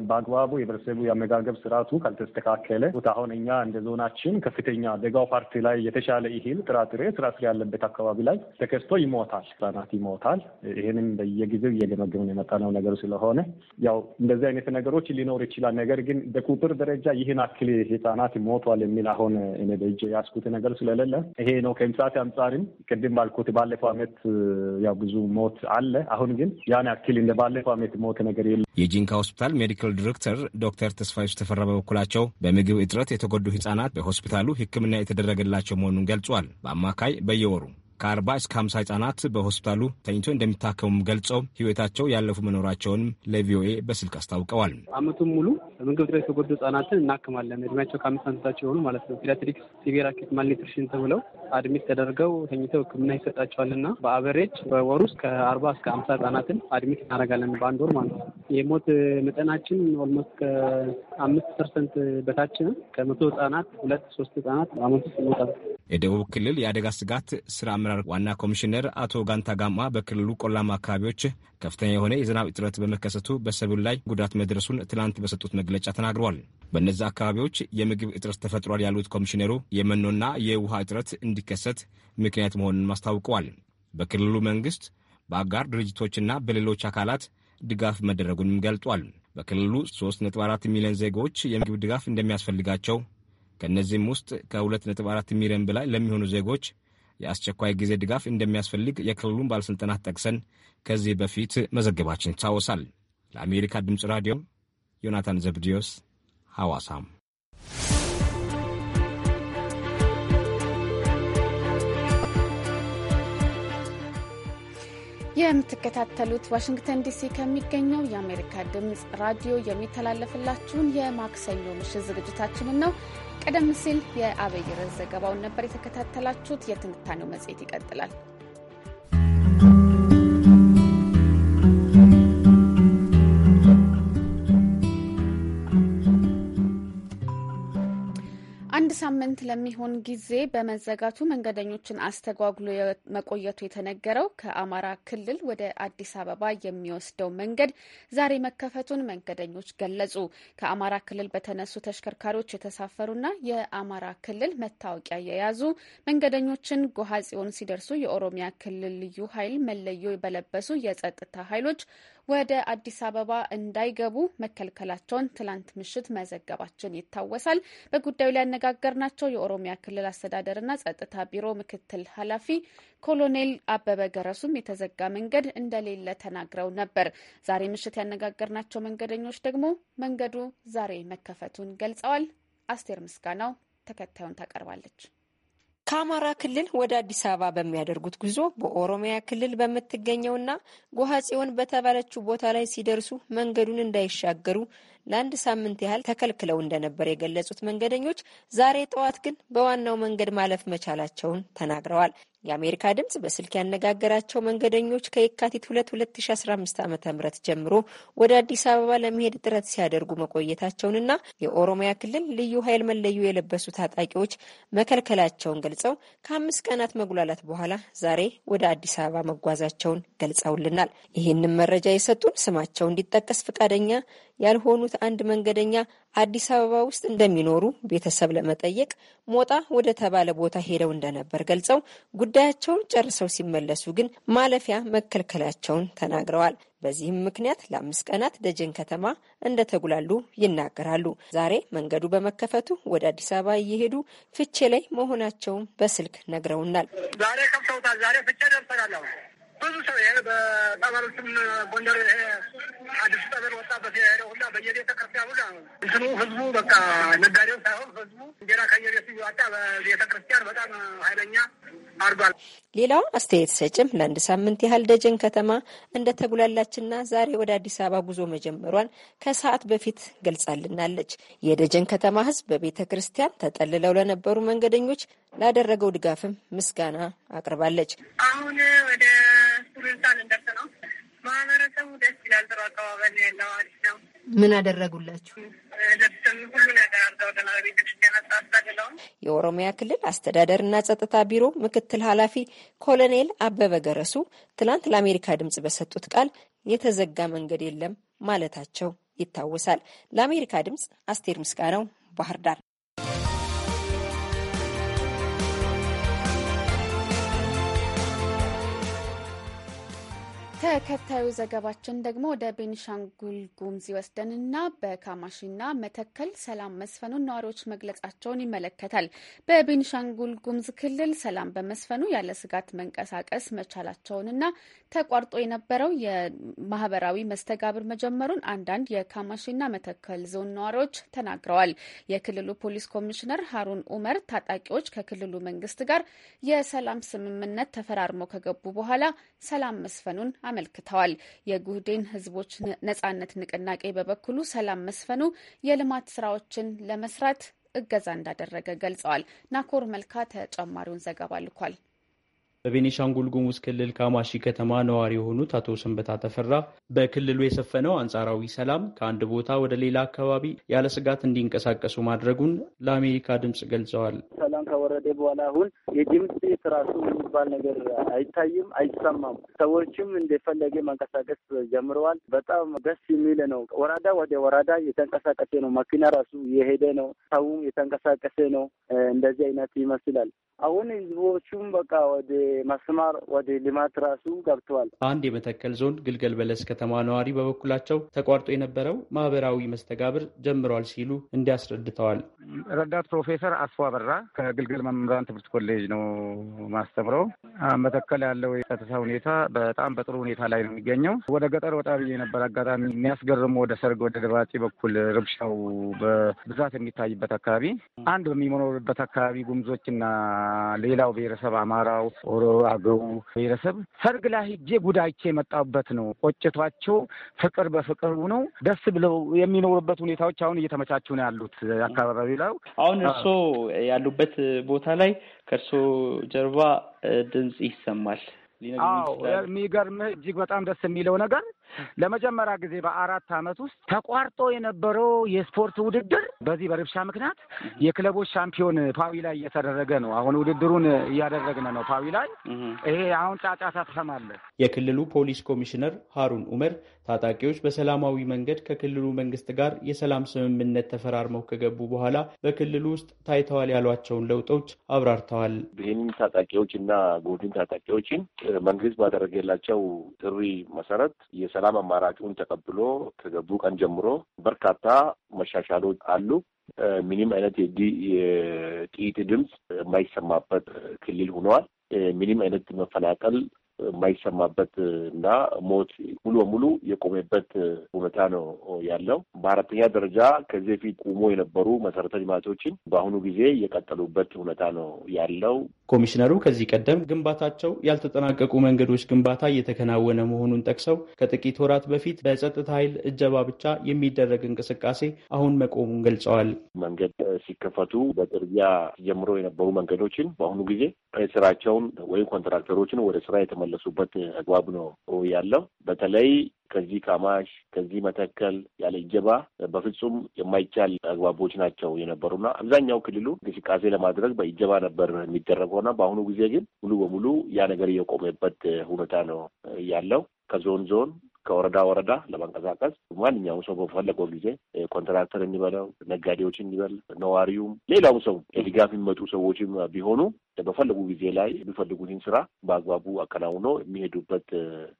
በአግባቡ የህብረተሰቡ የአመጋገብ ስርዓቱ ካልተስተካከለ አሁን እኛ እንደ ዞናችን ከፍተኛ ደጋው ፓርቲ ላይ የተሻለ ይሄል ጥራጥሬ ስራስሬ ያለበት አካባቢ ላይ ተከስቶ ይሞታል፣ ህጻናት ይሞታል። ይህንም በየጊዜው እየገመገምን የመጣ ነው ነገሩ ስለሆነ ያው እንደዚህ አይነት ነገሮች ሊኖር ይችላል። ነገር ግን በቁጥር ደረጃ ይህን አክል ህጻናት ሞቷል የሚል አሁን እኔ በእጅ ያስኩት ነገር ስለሌለ አለ። ይሄ ነው ከምሳሌ አንጻርም ቅድም ባልኩት ባለፈው አመት ያው ብዙ ሞት አለ። አሁን ግን ያን ያክል እንደ ባለፈው አመት ሞት ነገር የለም። የጂንካ ሆስፒታል ሜዲካል ዲሬክተር ዶክተር ተስፋዮች ተፈራ በበኩላቸው በምግብ እጥረት የተጎዱ ህጻናት በሆስፒታሉ ሕክምና የተደረገላቸው መሆኑን ገልጿል። በአማካይ በየወሩ ከ ከ40 እስከ 50 ህጻናት በሆስፒታሉ ተኝቶ እንደሚታከሙም ገልጸው ህይወታቸው ያለፉ መኖራቸውንም ለቪኦኤ በስልክ አስታውቀዋል። አመቱን ሙሉ በምግብ እጥረት የተጎዱ ህጻናትን እናክማለን። እድሜያቸው ከአምስት አመታቸው የሆኑ ማለት ነው ፒዲያትሪክስ ሲቪር አኪዩት ማልኒትሪሽን ተብለው አድሚት ተደርገው ተኝተው ህክምና ይሰጣቸዋልና በአቨሬጅ በወር ውስጥ ከአርባ እስከ አምሳ ህጻናትን አድሚት እናደርጋለን በአንድ ወር ማለት ነው። የሞት መጠናችን ኦልሞስት ከአምስት ፐርሰንት በታችን ከመቶ ህጻናት ሁለት ሶስት ህጻናት አመት ውስጥ ይሞታል። የደቡብ ክልል የአደጋ ስጋት ስራ አመራር ዋና ኮሚሽነር አቶ ጋንታ ጋማ በክልሉ ቆላማ አካባቢዎች ከፍተኛ የሆነ የዝናብ እጥረት በመከሰቱ በሰብል ላይ ጉዳት መድረሱን ትናንት በሰጡት መግለጫ ተናግረዋል። በእነዚህ አካባቢዎች የምግብ እጥረት ተፈጥሯል ያሉት ኮሚሽነሩ የመኖና የውሃ እጥረት እንዲከሰት ምክንያት መሆኑን አስታውቀዋል። በክልሉ መንግስት በአጋር ድርጅቶችና በሌሎች አካላት ድጋፍ መደረጉንም ገልጧል። በክልሉ 3.4 ሚሊዮን ዜጎች የምግብ ድጋፍ እንደሚያስፈልጋቸው ከእነዚህም ውስጥ ከ2.4 ሚሊዮን በላይ ለሚሆኑ ዜጎች የአስቸኳይ ጊዜ ድጋፍ እንደሚያስፈልግ የክልሉን ባለሥልጣናት ጠቅሰን ከዚህ በፊት መዘገባችን ይታወሳል። ለአሜሪካ ድምፅ ራዲዮ ዮናታን ዘብዲዮስ ሐዋሳም የምትከታተሉት ዋሽንግተን ዲሲ ከሚገኘው የአሜሪካ ድምፅ ራዲዮ የሚተላለፍላችሁን የማክሰኞ ምሽት ዝግጅታችንን ነው። ቀደም ሲል ረስ ዘገባውን ነበር የተከታተላችሁት። የትንታኔው መጽሔት ይቀጥላል። አንድ ሳምንት ለሚሆን ጊዜ በመዘጋቱ መንገደኞችን አስተጓጉሎ መቆየቱ የተነገረው ከአማራ ክልል ወደ አዲስ አበባ የሚወስደው መንገድ ዛሬ መከፈቱን መንገደኞች ገለጹ። ከአማራ ክልል በተነሱ ተሽከርካሪዎች የተሳፈሩና የአማራ ክልል መታወቂያ የያዙ መንገደኞችን ጎሃ ጽዮን ሲደርሱ የኦሮሚያ ክልል ልዩ ኃይል መለዮ በለበሱ የጸጥታ ኃይሎች ወደ አዲስ አበባ እንዳይገቡ መከልከላቸውን ትላንት ምሽት መዘገባችን ይታወሳል። በጉዳዩ ላይ ያነጋገርናቸው የኦሮሚያ ክልል አስተዳደርና ጸጥታ ቢሮ ምክትል ኃላፊ ኮሎኔል አበበ ገረሱም የተዘጋ መንገድ እንደሌለ ተናግረው ነበር። ዛሬ ምሽት ያነጋገርናቸው መንገደኞች ደግሞ መንገዱ ዛሬ መከፈቱን ገልጸዋል። አስቴር ምስጋናው ተከታዩን ታቀርባለች። ከአማራ ክልል ወደ አዲስ አበባ በሚያደርጉት ጉዞ በኦሮሚያ ክልል በምትገኘውና ጽዮን በተባለችው ቦታ ላይ ሲደርሱ መንገዱን እንዳይሻገሩ ለአንድ ሳምንት ያህል ተከልክለው እንደነበር የገለጹት መንገደኞች ዛሬ ጠዋት ግን በዋናው መንገድ ማለፍ መቻላቸውን ተናግረዋል። የአሜሪካ ድምጽ በስልክ ያነጋገራቸው መንገደኞች ከየካቲት 2 2015 ዓ ም ጀምሮ ወደ አዲስ አበባ ለመሄድ ጥረት ሲያደርጉ መቆየታቸውንና የኦሮሚያ ክልል ልዩ ኃይል መለዩ የለበሱ ታጣቂዎች መከልከላቸውን ገልጸው ከአምስት ቀናት መጉላላት በኋላ ዛሬ ወደ አዲስ አበባ መጓዛቸውን ገልጸውልናል። ይህንን መረጃ የሰጡን ስማቸው እንዲጠቀስ ፈቃደኛ ያልሆኑት አንድ መንገደኛ አዲስ አበባ ውስጥ እንደሚኖሩ ቤተሰብ ለመጠየቅ ሞጣ ወደ ተባለ ቦታ ሄደው እንደነበር ገልጸው ጉዳያቸውን ጨርሰው ሲመለሱ ግን ማለፊያ መከልከላቸውን ተናግረዋል። በዚህም ምክንያት ለአምስት ቀናት ደጀን ከተማ እንደተጉላሉ ይናገራሉ። ዛሬ መንገዱ በመከፈቱ ወደ አዲስ አበባ እየሄዱ ፍቼ ላይ መሆናቸውን በስልክ ነግረውናል። ዛሬ ከብተውታል። ዛሬ ፍቼ ደርሰናል። ብዙ ሰው ይሄ በጸበሉትም ጎንደር ይሄ አዲሱ ጸበል ወጣበት የሄደው ሁላ በየቤተ ክርስቲያኑ ሁላ እንትኑ ህዝቡ በቃ ነጋዴው ሳይሆን ህዝቡ እንጀራ ከየቤቱ እያወጣ በቤተ ክርስቲያን በጣም ኃይለኛ አድርጓል። ሌላው አስተያየት ሰጭም ለአንድ ሳምንት ያህል ደጀን ከተማ እንደተጉላላችና ዛሬ ወደ አዲስ አበባ ጉዞ መጀመሯን ከሰዓት በፊት ገልጻልናለች። የደጀን ከተማ ህዝብ በቤተ ክርስቲያን ተጠልለው ለነበሩ መንገደኞች ላደረገው ድጋፍም ምስጋና አቅርባለች። አሁን ወደ ሱርንሳ ልንደርስ ነው። ማህበረሰቡ ደስ ይላል። ጥሩ አቀባበል ያለው አሪፍ ነው። ምን አደረጉላችሁ? ሁሉ ነገር ቤተክርስቲያን የኦሮሚያ ክልል አስተዳደርና ጸጥታ ቢሮ ምክትል ኃላፊ ኮሎኔል አበበ ገረሱ ትናንት ለአሜሪካ ድምጽ በሰጡት ቃል የተዘጋ መንገድ የለም ማለታቸው ይታወሳል። ለአሜሪካ ድምጽ አስቴር ምስጋናው ባህር ዳር ተከታዩ ዘገባችን ደግሞ ወደ ቤኒሻንጉል ጉሙዝ ይወስደንና በካማሺና መተከል ሰላም መስፈኑን ነዋሪዎች መግለጻቸውን ይመለከታል። በቤኒሻንጉል ጉሙዝ ክልል ሰላም በመስፈኑ ያለ ስጋት መንቀሳቀስ መቻላቸውንና ተቋርጦ የነበረው የማህበራዊ መስተጋብር መጀመሩን አንዳንድ የካማሺና መተከል ዞን ነዋሪዎች ተናግረዋል። የክልሉ ፖሊስ ኮሚሽነር ሀሩን ኡመር ታጣቂዎች ከክልሉ መንግስት ጋር የሰላም ስምምነት ተፈራርሞ ከገቡ በኋላ ሰላም መስፈኑን አመልክተዋል። የጉህዴን ህዝቦች ነጻነት ንቅናቄ በበኩሉ ሰላም መስፈኑ የልማት ስራዎችን ለመስራት እገዛ እንዳደረገ ገልጸዋል። ናኮር መልካ ተጨማሪውን ዘገባ ልኳል። በቤኒሻንጉል ጉሙዝ ክልል ካማሺ ከተማ ነዋሪ የሆኑት አቶ ሰንበታ ተፈራ በክልሉ የሰፈነው አንጻራዊ ሰላም ከአንድ ቦታ ወደ ሌላ አካባቢ ያለ ስጋት እንዲንቀሳቀሱ ማድረጉን ለአሜሪካ ድምፅ ገልጸዋል። ሰላም ከወረደ በኋላ አሁን የድምፅ ስራሱ የሚባል ነገር አይታይም፣ አይሰማም። ሰዎችም እንደፈለገ መንቀሳቀስ ጀምረዋል። በጣም ደስ የሚል ነው። ወረዳ ወደ ወረዳ የተንቀሳቀሰ ነው። መኪና ራሱ የሄደ ነው። ሰውም የተንቀሳቀሰ ነው። እንደዚህ አይነት ይመስላል። አሁን ህዝቦቹም በቃ ወደ ማስተማር ወደ ልማት ራሱ ገብተዋል። አንድ የመተከል ዞን ግልገል በለስ ከተማ ነዋሪ በበኩላቸው ተቋርጦ የነበረው ማህበራዊ መስተጋብር ጀምሯል ሲሉ እንዲያስረድተዋል። ረዳት ፕሮፌሰር አስፋ በራ ከግልገል መምህራን ትምህርት ኮሌጅ ነው ማስተምረው። መተከል ያለው የጸጥታ ሁኔታ በጣም በጥሩ ሁኔታ ላይ ነው የሚገኘው። ወደ ገጠር ወጣ ብዬ የነበረ አጋጣሚ የሚያስገርሙ ወደ ሰርግ ወደ ደባጤ በኩል ርብሻው በብዛት የሚታይበት አካባቢ አንድ በሚኖርበት አካባቢ ጉምዞችና ሌላው ብሔረሰብ አማራው፣ ኦሮ፣ አገው ብሔረሰብ ሰርግ ላይ ሂጄ ጉዳይቼ የመጣበት ነው። ቆጭቷቸው ፍቅር በፍቅሩ ነው ደስ ብለው የሚኖሩበት ሁኔታዎች አሁን እየተመቻቹ ነው ያሉት። አካባቢ ላው አሁን እርሶ ያሉበት ቦታ ላይ ከእርሶ ጀርባ ድምፅ ይሰማል። አዎ የሚገርምህ እጅግ በጣም ደስ የሚለው ነገር ለመጀመሪያ ጊዜ በአራት ዓመት ውስጥ ተቋርጦ የነበረው የስፖርት ውድድር በዚህ በርብሻ ምክንያት የክለቦች ሻምፒዮን ፓዊ ላይ እየተደረገ ነው። አሁን ውድድሩን እያደረግን ነው ፓዊ ላይ። ይሄ አሁን ጫጫታ ትሰማለህ። የክልሉ ፖሊስ ኮሚሽነር ሀሩን ኡመር ታጣቂዎች በሰላማዊ መንገድ ከክልሉ መንግስት ጋር የሰላም ስምምነት ተፈራርመው ከገቡ በኋላ በክልሉ ውስጥ ታይተዋል ያሏቸውን ለውጦች አብራርተዋል። ይህንን ታጣቂዎች እና ጎድን ታጣቂዎችን መንግስት ባደረገላቸው ጥሪ መሰረት የሰላም አማራጩን ተቀብሎ ከገቡ ቀን ጀምሮ በርካታ መሻሻሎች አሉ። ምንም አይነት የጥይት ድምፅ የማይሰማበት ክልል ሆኗል። ምንም አይነት መፈናቀል የማይሰማበት እና ሞት ሙሉ በሙሉ የቆመበት ሁኔታ ነው ያለው። በአራተኛ ደረጃ ከዚህ በፊት ቁሞ የነበሩ መሰረተ ልማቶችን በአሁኑ ጊዜ የቀጠሉበት ሁኔታ ነው ያለው። ኮሚሽነሩ ከዚህ ቀደም ግንባታቸው ያልተጠናቀቁ መንገዶች ግንባታ እየተከናወነ መሆኑን ጠቅሰው ከጥቂት ወራት በፊት በጸጥታ ኃይል እጀባ ብቻ የሚደረግ እንቅስቃሴ አሁን መቆሙን ገልጸዋል። መንገድ ሲከፈቱ በጥርጊያ ጀምሮ የነበሩ መንገዶችን በአሁኑ ጊዜ ስራቸውን ወይም ኮንትራክተሮችን ወደ ስራ የተመለ የሚመለሱበት አግባብ ነው ያለው። በተለይ ከዚህ ካማሽ ከዚህ መተከል ያለ እጀባ በፍጹም የማይቻል አግባቦች ናቸው የነበሩና አብዛኛው ክልሉ እንቅስቃሴ ለማድረግ በእጀባ ነበር የሚደረገውና በአሁኑ ጊዜ ግን ሙሉ በሙሉ ያ ነገር እየቆመበት ሁኔታ ነው ያለው። ከዞን ዞን ከወረዳ ወረዳ ለማንቀሳቀስ ማንኛውም ሰው በፈለገው ጊዜ ኮንትራክተር እንበለው ነጋዴዎች እንበል ነዋሪውም ሌላውም ሰው የድጋፍ የሚመጡ ሰዎችም ቢሆኑ በፈለጉ ጊዜ ላይ የሚፈልጉትን ስራ በአግባቡ አከናውኖ የሚሄዱበት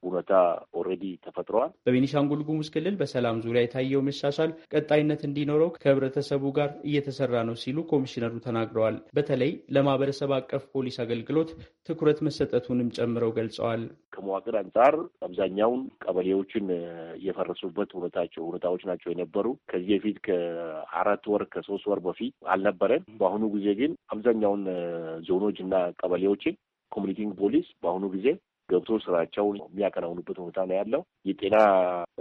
ሁኔታ ኦልሬዲ ተፈጥረዋል። በቤኒሻንጉል ጉሙዝ ክልል በሰላም ዙሪያ የታየው መሻሻል ቀጣይነት እንዲኖረው ከህብረተሰቡ ጋር እየተሰራ ነው ሲሉ ኮሚሽነሩ ተናግረዋል። በተለይ ለማህበረሰብ አቀፍ ፖሊስ አገልግሎት ትኩረት መሰጠቱንም ጨምረው ገልጸዋል። ከመዋቅር አንጻር አብዛኛውን ቀበሌዎችን የፈረሱበት ሁኔታቸው ሁኔታዎች ናቸው የነበሩ ከዚህ በፊት ከአራት ወር ከሶስት ወር በፊት አልነበረን። በአሁኑ ጊዜ ግን አብዛኛውን ዞኑ ዞኖች እና ቀበሌዎችን ኮሚኒቲንግ ፖሊስ በአሁኑ ጊዜ ገብቶ ስራቸውን የሚያከናውኑበት ሁኔታ ነው ያለው። የጤና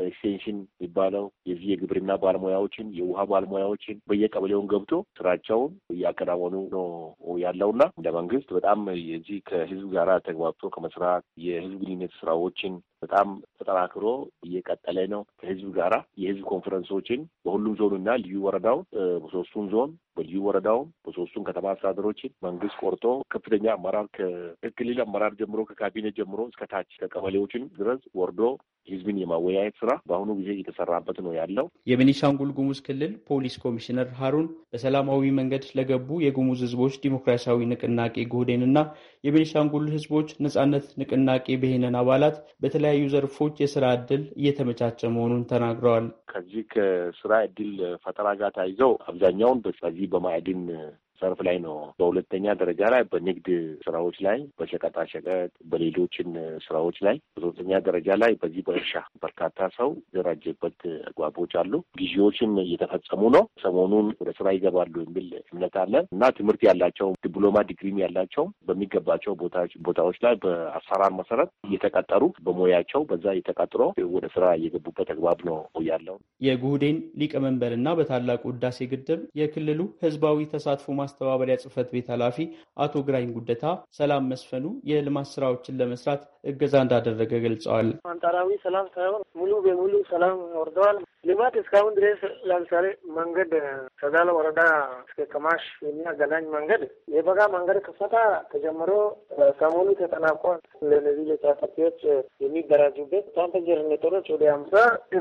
ኤክስቴንሽን የሚባለው የዚህ የግብርና ባለሙያዎችን፣ የውሃ ባለሙያዎችን በየቀበሌውን ገብቶ ስራቸውን እያከናወኑ ነው ያለውና እንደ መንግስት በጣም የዚህ ከህዝብ ጋር ተግባብቶ ከመስራት የህዝብ ግንኙነት ስራዎችን በጣም ተጠናክሮ እየቀጠለ ነው። ከህዝብ ጋራ የህዝብ ኮንፈረንሶችን በሁሉም ዞንና ልዩ ወረዳው በሶስቱን ዞን በልዩ ወረዳው በሶስቱን ከተማ አስተዳደሮችን መንግስት ቆርጦ ከፍተኛ አመራር ከክልል አመራር ጀምሮ ከካቢኔት ጀምሮ እስከ ታች ከቀበሌዎችን ድረስ ወርዶ ህዝብን የማወያየት ስራ በአሁኑ ጊዜ እየተሰራበት ነው ያለው። የቤኒሻንጉል ጉሙዝ ክልል ፖሊስ ኮሚሽነር ሀሩን በሰላማዊ መንገድ ለገቡ የጉሙዝ ህዝቦች ዲሞክራሲያዊ ንቅናቄ ጉህዴንና የቤንሻንጉል ህዝቦች ነጻነት ንቅናቄ ብሄነን አባላት በተለያዩ ዘርፎች የስራ እድል እየተመቻቸ መሆኑን ተናግረዋል። ከዚህ ከስራ እድል ፈጠራ ጋር ታይዘው አብዛኛውን በዚህ በማዕድን ዘርፍ ላይ ነው። በሁለተኛ ደረጃ ላይ በንግድ ስራዎች ላይ በሸቀጣሸቀጥ በሌሎችን ስራዎች ላይ፣ በሶስተኛ ደረጃ ላይ በዚህ በእርሻ በርካታ ሰው የተደራጀበት አግባቦች አሉ። ግዢዎችም እየተፈጸሙ ነው። ሰሞኑን ወደ ስራ ይገባሉ የሚል እምነት አለ እና ትምህርት ያላቸው ዲፕሎማ ዲግሪም ያላቸው በሚገባቸው ቦታዎች ላይ በአሰራር መሰረት እየተቀጠሩ በሙያቸው በዛ እየተቀጥሮ ወደ ስራ እየገቡበት አግባብ ነው ያለው የጉህዴን ሊቀመንበርና በታላቁ ህዳሴ ግድብ የክልሉ ህዝባዊ ተሳትፎ ማ። ማስተባበሪያ ጽህፈት ቤት ኃላፊ አቶ ግራኝ ጉደታ ሰላም መስፈኑ የልማት ስራዎችን ለመስራት እገዛ እንዳደረገ ገልጸዋል። አንጻራዊ ሰላም ሳይሆን ሙሉ በሙሉ ሰላም ወርደዋል። ልማት እስካሁን ድረስ ለምሳሌ መንገድ ከዛለ ወረዳ እስከ ከማሽ የሚያገናኝ መንገድ የበጋ መንገድ ክፈታ ተጀምሮ ሰሞኑ ተጠናቆ ለነዚህ ለጫፋዎች የሚደራጁበት ታንተ ጀርኔተሮች ወደ አምሳ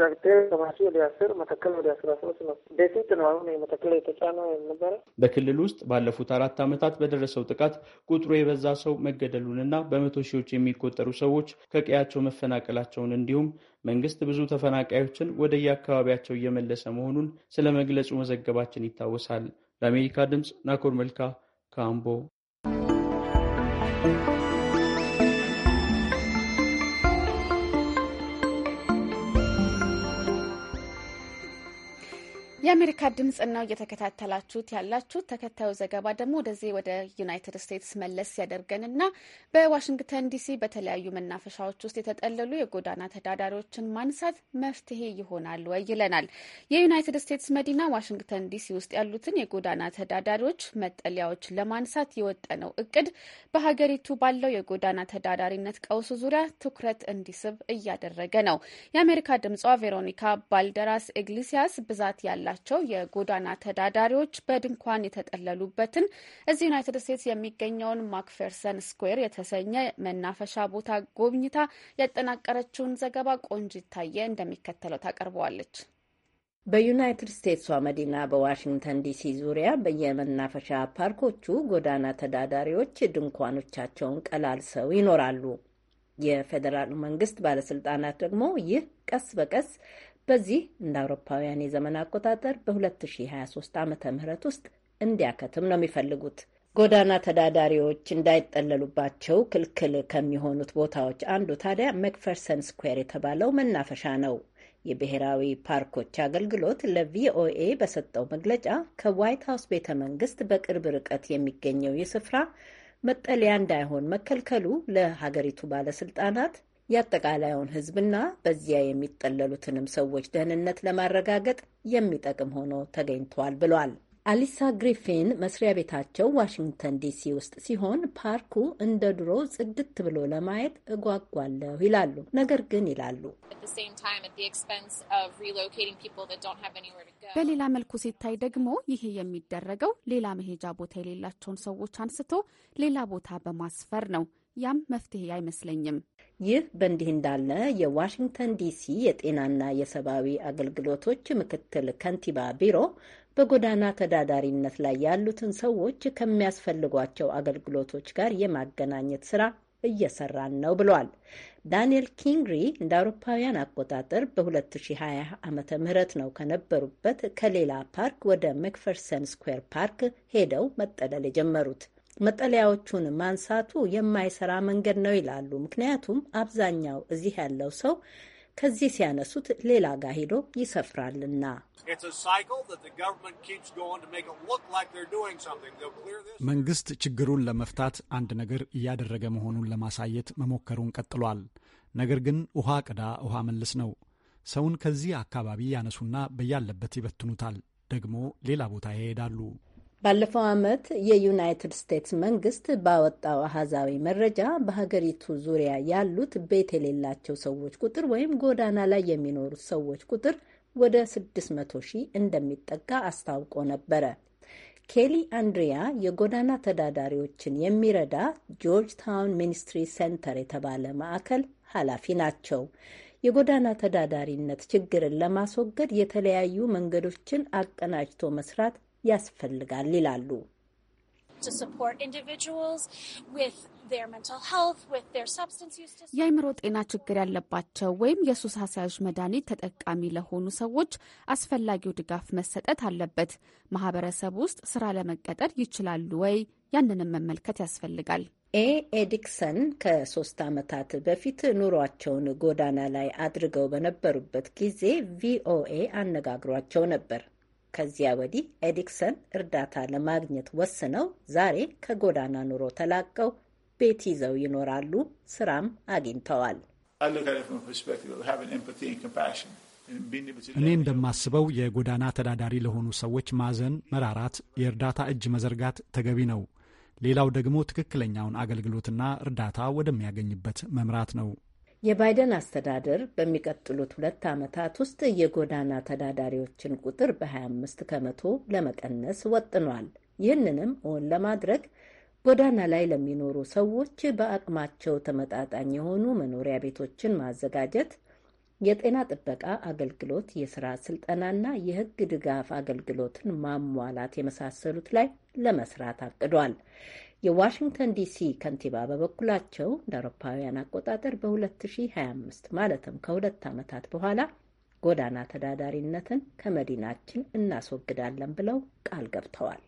ረግቴ ከማሽ ወደ አስር መተከል ወደ አስራ ሶስት ነው። በፊት ነው አሁን መተከል የተጫነ ነበረ። በክልል ውስጥ ባለፉት አራት ዓመታት በደረሰው ጥቃት ቁጥሩ የበዛ ሰው መገደሉንና በመቶ ሺዎች የሚቆጠሩ ሰዎች ከቀያቸው መፈናቀላቸውን እንዲሁም መንግስት ብዙ ተፈናቃዮችን ወደየአካባቢያቸው እየመለሰ መሆኑን ስለ መግለጹ መዘገባችን ይታወሳል። ለአሜሪካ ድምፅ ናኮር መልካ ካምቦ የአሜሪካ ድምጽ ነው እየተከታተላችሁት ያላችሁት። ተከታዩ ዘገባ ደግሞ ወደዚህ ወደ ዩናይትድ ስቴትስ መለስ ያደርገንና በዋሽንግተን ዲሲ በተለያዩ መናፈሻዎች ውስጥ የተጠለሉ የጎዳና ተዳዳሪዎችን ማንሳት መፍትሄ ይሆናል ወይ ይለናል። የዩናይትድ ስቴትስ መዲና ዋሽንግተን ዲሲ ውስጥ ያሉትን የጎዳና ተዳዳሪዎች መጠለያዎች ለማንሳት የወጠነው እቅድ በሀገሪቱ ባለው የጎዳና ተዳዳሪነት ቀውሱ ዙሪያ ትኩረት እንዲስብ እያደረገ ነው። የአሜሪካ ድምጿ ቬሮኒካ ባልደራስ ኢግሊሲያስ ብዛት ያላቸው ያላቸው የጎዳና ተዳዳሪዎች በድንኳን የተጠለሉበትን እዚህ ዩናይትድ ስቴትስ የሚገኘውን ማክፌርሰን ስኩዌር የተሰኘ መናፈሻ ቦታ ጎብኝታ ያጠናቀረችውን ዘገባ ይታየ እንደሚከተለው ታቀርበዋለች። በዩናይትድ ስቴትሷ መዲና በዋሽንግተን ዲሲ ዙሪያ በየመናፈሻ ፓርኮቹ ጎዳና ተዳዳሪዎች ድንኳኖቻቸውን ቀላልሰው ይኖራሉ። የፌዴራሉ መንግስት ባለስልጣናት ደግሞ ይህ ቀስ በቀስ በዚህ እንደ አውሮፓውያን የዘመን አቆጣጠር በ2023 ዓ ም ውስጥ እንዲያከትም ነው የሚፈልጉት። ጎዳና ተዳዳሪዎች እንዳይጠለሉባቸው ክልክል ከሚሆኑት ቦታዎች አንዱ ታዲያ መክፈርሰን ስኩዌር የተባለው መናፈሻ ነው። የብሔራዊ ፓርኮች አገልግሎት ለቪኦኤ በሰጠው መግለጫ ከዋይት ሀውስ ቤተ መንግስት በቅርብ ርቀት የሚገኘው የስፍራ ስፍራ መጠለያ እንዳይሆን መከልከሉ ለሀገሪቱ ባለስልጣናት የአጠቃላዩን ሕዝብና በዚያ የሚጠለሉትንም ሰዎች ደህንነት ለማረጋገጥ የሚጠቅም ሆኖ ተገኝቷል ብሏል። አሊሳ ግሪፊን መስሪያ ቤታቸው ዋሽንግተን ዲሲ ውስጥ ሲሆን ፓርኩ እንደ ድሮ ጽድት ብሎ ለማየት እጓጓለሁ ይላሉ። ነገር ግን ይላሉ፣ በሌላ መልኩ ሲታይ ደግሞ ይህ የሚደረገው ሌላ መሄጃ ቦታ የሌላቸውን ሰዎች አንስቶ ሌላ ቦታ በማስፈር ነው። ያም መፍትሄ አይመስለኝም። ይህ በእንዲህ እንዳለ የዋሽንግተን ዲሲ የጤናና የሰብአዊ አገልግሎቶች ምክትል ከንቲባ ቢሮ በጎዳና ተዳዳሪነት ላይ ያሉትን ሰዎች ከሚያስፈልጓቸው አገልግሎቶች ጋር የማገናኘት ስራ እየሰራን ነው ብሏል። ዳንኤል ኪንግሪ እንደ አውሮፓውያን አቆጣጠር በ2020 ዓመተ ምህረት ነው ከነበሩበት ከሌላ ፓርክ ወደ መክፈርሰን ስኩዌር ፓርክ ሄደው መጠለል የጀመሩት። መጠለያዎቹን ማንሳቱ የማይሰራ መንገድ ነው ይላሉ። ምክንያቱም አብዛኛው እዚህ ያለው ሰው ከዚህ ሲያነሱት ሌላ ጋ ሄዶ ይሰፍራልና። መንግስት ችግሩን ለመፍታት አንድ ነገር እያደረገ መሆኑን ለማሳየት መሞከሩን ቀጥሏል። ነገር ግን ውሃ ቅዳ ውሃ መልስ ነው። ሰውን ከዚህ አካባቢ ያነሱና በያለበት ይበትኑታል። ደግሞ ሌላ ቦታ ይሄዳሉ። ባለፈው ዓመት የዩናይትድ ስቴትስ መንግስት ባወጣው አሃዛዊ መረጃ በሀገሪቱ ዙሪያ ያሉት ቤት የሌላቸው ሰዎች ቁጥር ወይም ጎዳና ላይ የሚኖሩት ሰዎች ቁጥር ወደ 600 ሺህ እንደሚጠጋ አስታውቆ ነበረ። ኬሊ አንድሪያ የጎዳና ተዳዳሪዎችን የሚረዳ ጆርጅ ታውን ሚኒስትሪ ሴንተር የተባለ ማዕከል ኃላፊ ናቸው። የጎዳና ተዳዳሪነት ችግርን ለማስወገድ የተለያዩ መንገዶችን አቀናጅቶ መስራት ያስፈልጋል ይላሉ። የአእምሮ ጤና ችግር ያለባቸው ወይም የሱስ አስያዥ መድኃኒት ተጠቃሚ ለሆኑ ሰዎች አስፈላጊው ድጋፍ መሰጠት አለበት። ማህበረሰብ ውስጥ ስራ ለመቀጠር ይችላሉ ወይ? ያንንም መመልከት ያስፈልጋል። ኤ ኤዲክሰን ከሶስት ዓመታት በፊት ኑሯቸውን ጎዳና ላይ አድርገው በነበሩበት ጊዜ ቪኦኤ አነጋግሯቸው ነበር። ከዚያ ወዲህ ኤዲክሰን እርዳታ ለማግኘት ወስነው ዛሬ ከጎዳና ኑሮ ተላቀው ቤት ይዘው ይኖራሉ። ስራም አግኝተዋል። እኔ እንደማስበው የጎዳና ተዳዳሪ ለሆኑ ሰዎች ማዘን፣ መራራት፣ የእርዳታ እጅ መዘርጋት ተገቢ ነው። ሌላው ደግሞ ትክክለኛውን አገልግሎትና እርዳታ ወደሚያገኝበት መምራት ነው። የባይደን አስተዳደር በሚቀጥሉት ሁለት ዓመታት ውስጥ የጎዳና ተዳዳሪዎችን ቁጥር በ25 ከመቶ ለመቀነስ ወጥኗል። ይህንንም እውን ለማድረግ ጎዳና ላይ ለሚኖሩ ሰዎች በአቅማቸው ተመጣጣኝ የሆኑ መኖሪያ ቤቶችን ማዘጋጀት የጤና ጥበቃ አገልግሎት፣ የስራ ስልጠናና የህግ ድጋፍ አገልግሎትን ማሟላት የመሳሰሉት ላይ ለመስራት አቅዷል። የዋሽንግተን ዲሲ ከንቲባ በበኩላቸው እንደ አውሮፓውያን አቆጣጠር በ2025 ማለትም ከሁለት ዓመታት በኋላ ጎዳና ተዳዳሪነትን ከመዲናችን እናስወግዳለን ብለው ቃል ገብተዋል።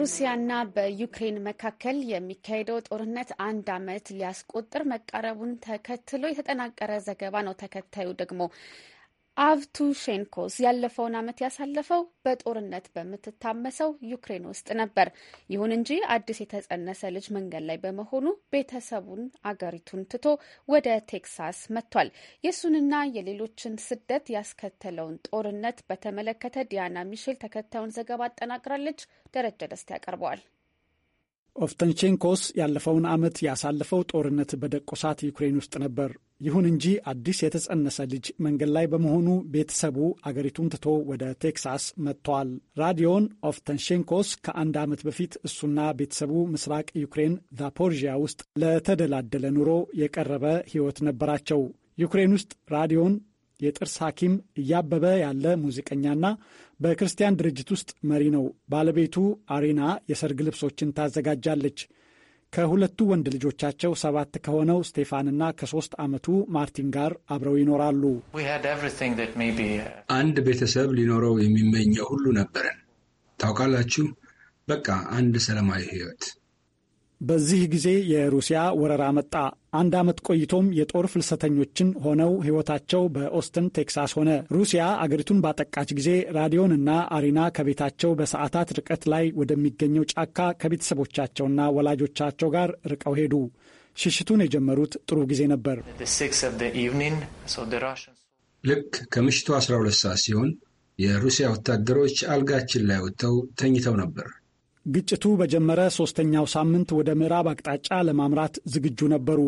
በሩሲያና በዩክሬን መካከል የሚካሄደው ጦርነት አንድ ዓመት ሊያስቆጥር መቃረቡን ተከትሎ የተጠናቀረ ዘገባ ነው። ተከታዩ ደግሞ አቭቱሼንኮስ ያለፈውን ዓመት ያሳለፈው በጦርነት በምትታመሰው ዩክሬን ውስጥ ነበር። ይሁን እንጂ አዲስ የተጸነሰ ልጅ መንገድ ላይ በመሆኑ ቤተሰቡን አገሪቱን ትቶ ወደ ቴክሳስ መጥቷል። የእሱንና የሌሎችን ስደት ያስከተለውን ጦርነት በተመለከተ ዲያና ሚሼል ተከታዩን ዘገባ አጠናቅራለች። ደረጀ ደስታ ያቀርበዋል። ኦፍተንቼንኮስ ያለፈውን ዓመት ያሳለፈው ጦርነት በደቆሳት ዩክሬን ውስጥ ነበር። ይሁን እንጂ አዲስ የተጸነሰ ልጅ መንገድ ላይ በመሆኑ ቤተሰቡ አገሪቱን ትቶ ወደ ቴክሳስ መጥተዋል። ራዲዮን ኦፍተንሼንኮስ ከአንድ ዓመት በፊት እሱና ቤተሰቡ ምስራቅ ዩክሬን ዛፖርዥያ ውስጥ ለተደላደለ ኑሮ የቀረበ ሕይወት ነበራቸው። ዩክሬን ውስጥ ራዲዮን የጥርስ ሐኪም፣ እያበበ ያለ ሙዚቀኛና በክርስቲያን ድርጅት ውስጥ መሪ ነው። ባለቤቱ አሪና የሰርግ ልብሶችን ታዘጋጃለች። ከሁለቱ ወንድ ልጆቻቸው ሰባት ከሆነው ስቴፋንና ከሶስት ዓመቱ ማርቲን ጋር አብረው ይኖራሉ። uh, አንድ ቤተሰብ ሊኖረው የሚመኘው ሁሉ ነበረን። ታውቃላችሁ፣ በቃ አንድ ሰላማዊ ሕይወት በዚህ ጊዜ የሩሲያ ወረራ መጣ። አንድ ዓመት ቆይቶም የጦር ፍልሰተኞችን ሆነው ሕይወታቸው በኦስተን ቴክሳስ ሆነ። ሩሲያ አገሪቱን ባጠቃች ጊዜ ራዲዮንና አሪና ከቤታቸው በሰዓታት ርቀት ላይ ወደሚገኘው ጫካ ከቤተሰቦቻቸውና ወላጆቻቸው ጋር ርቀው ሄዱ። ሽሽቱን የጀመሩት ጥሩ ጊዜ ነበር። ልክ ከምሽቱ 12 ሰዓት ሲሆን የሩሲያ ወታደሮች አልጋችን ላይ ወጥተው ተኝተው ነበር። ግጭቱ በጀመረ ሶስተኛው ሳምንት ወደ ምዕራብ አቅጣጫ ለማምራት ዝግጁ ነበሩ።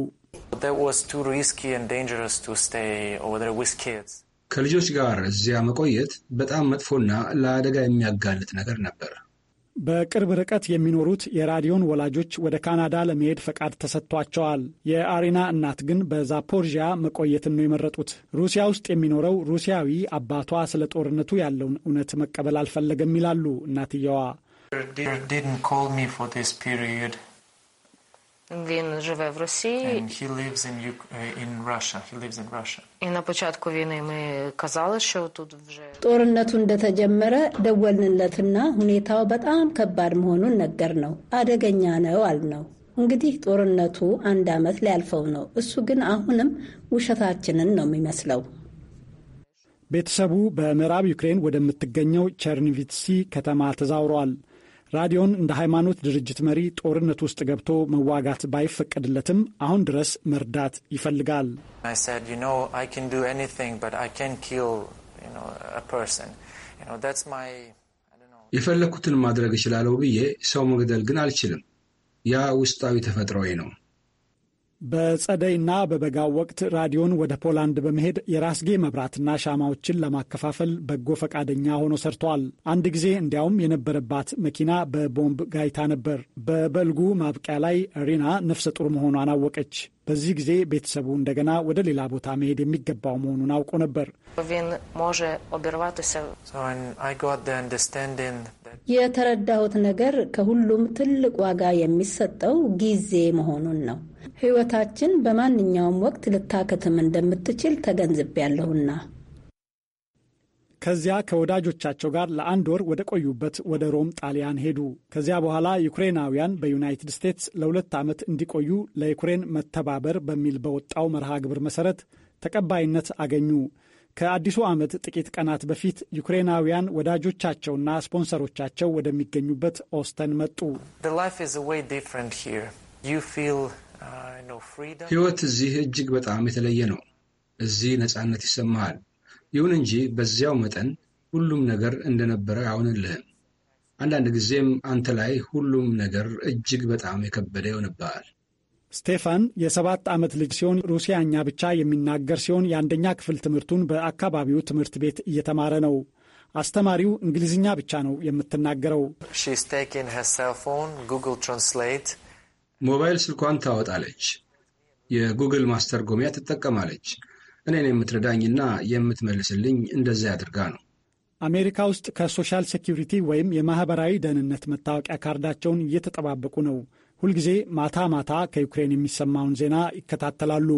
ከልጆች ጋር እዚያ መቆየት በጣም መጥፎና ለአደጋ የሚያጋልጥ ነገር ነበር። በቅርብ ርቀት የሚኖሩት የራዲዮን ወላጆች ወደ ካናዳ ለመሄድ ፈቃድ ተሰጥቷቸዋል። የአሪና እናት ግን በዛፖርዣ መቆየትን ነው የመረጡት። ሩሲያ ውስጥ የሚኖረው ሩሲያዊ አባቷ ስለ ጦርነቱ ያለውን እውነት መቀበል አልፈለገም ይላሉ እናትየዋ። didn't call me for this period. Він живе в Росії. And he lives in, uh, in Russia. He lives in Russia. І на початку війни ми казали, що тут вже Торнату እንደተጀመረ ደወልንለትና ሁኔታው በጣም ከባድ መሆኑን ነገር ነው። አደገኛ ነው አልነው። እንግዲህ ጦርነቱ አንድ ዓመት ሊያልፈው ነው። እሱ ግን አሁንም ውሸታችንን ነው የሚመስለው። ቤተሰቡ በምዕራብ ዩክሬን ወደምትገኘው ቸርኒቪትሲ ከተማ ተዛውረዋል። ራዲዮን እንደ ሃይማኖት ድርጅት መሪ ጦርነት ውስጥ ገብቶ መዋጋት ባይፈቀድለትም አሁን ድረስ መርዳት ይፈልጋል። የፈለግኩትን ማድረግ እችላለሁ ብዬ ሰው መግደል ግን አልችልም። ያ ውስጣዊ ተፈጥሮዬ ነው። በጸደይና በበጋው ወቅት ራዲዮን ወደ ፖላንድ በመሄድ የራስጌ መብራትና ሻማዎችን ለማከፋፈል በጎ ፈቃደኛ ሆኖ ሰርተዋል። አንድ ጊዜ እንዲያውም የነበረባት መኪና በቦምብ ጋይታ ነበር። በበልጉ ማብቂያ ላይ ሪና ነፍሰ ጡር መሆኗን አወቀች። በዚህ ጊዜ ቤተሰቡ እንደገና ወደ ሌላ ቦታ መሄድ የሚገባው መሆኑን አውቆ ነበር። የተረዳሁት ነገር ከሁሉም ትልቅ ዋጋ የሚሰጠው ጊዜ መሆኑን ነው። ሕይወታችን በማንኛውም ወቅት ልታከትም እንደምትችል ተገንዝቤያለሁና። ከዚያ ከወዳጆቻቸው ጋር ለአንድ ወር ወደ ቆዩበት ወደ ሮም ጣሊያን ሄዱ። ከዚያ በኋላ ዩክሬናውያን በዩናይትድ ስቴትስ ለሁለት ዓመት እንዲቆዩ ለዩክሬን መተባበር በሚል በወጣው መርሃ ግብር መሠረት ተቀባይነት አገኙ። ከአዲሱ ዓመት ጥቂት ቀናት በፊት ዩክሬናውያን ወዳጆቻቸውና ስፖንሰሮቻቸው ወደሚገኙበት ኦስተን መጡ። ሕይወት እዚህ እጅግ በጣም የተለየ ነው። እዚህ ነፃነት ይሰማሃል። ይሁን እንጂ በዚያው መጠን ሁሉም ነገር እንደነበረ አይሆንልህም። አንዳንድ ጊዜም አንተ ላይ ሁሉም ነገር እጅግ በጣም የከበደ ይሆንብሃል። ስቴፋን የሰባት ዓመት ልጅ ሲሆን ሩሲያኛ ብቻ የሚናገር ሲሆን የአንደኛ ክፍል ትምህርቱን በአካባቢው ትምህርት ቤት እየተማረ ነው። አስተማሪው እንግሊዝኛ ብቻ ነው የምትናገረው። ሞባይል ስልኳን ታወጣለች። የጉግል ማስተርጎሚያ ትጠቀማለች። እኔን የምትረዳኝና የምትመልስልኝ እንደዚያ አድርጋ ነው። አሜሪካ ውስጥ ከሶሻል ሴኪሪቲ ወይም የማኅበራዊ ደህንነት መታወቂያ ካርዳቸውን እየተጠባበቁ ነው። ሁልጊዜ ማታ ማታ ከዩክሬን የሚሰማውን ዜና ይከታተላሉ።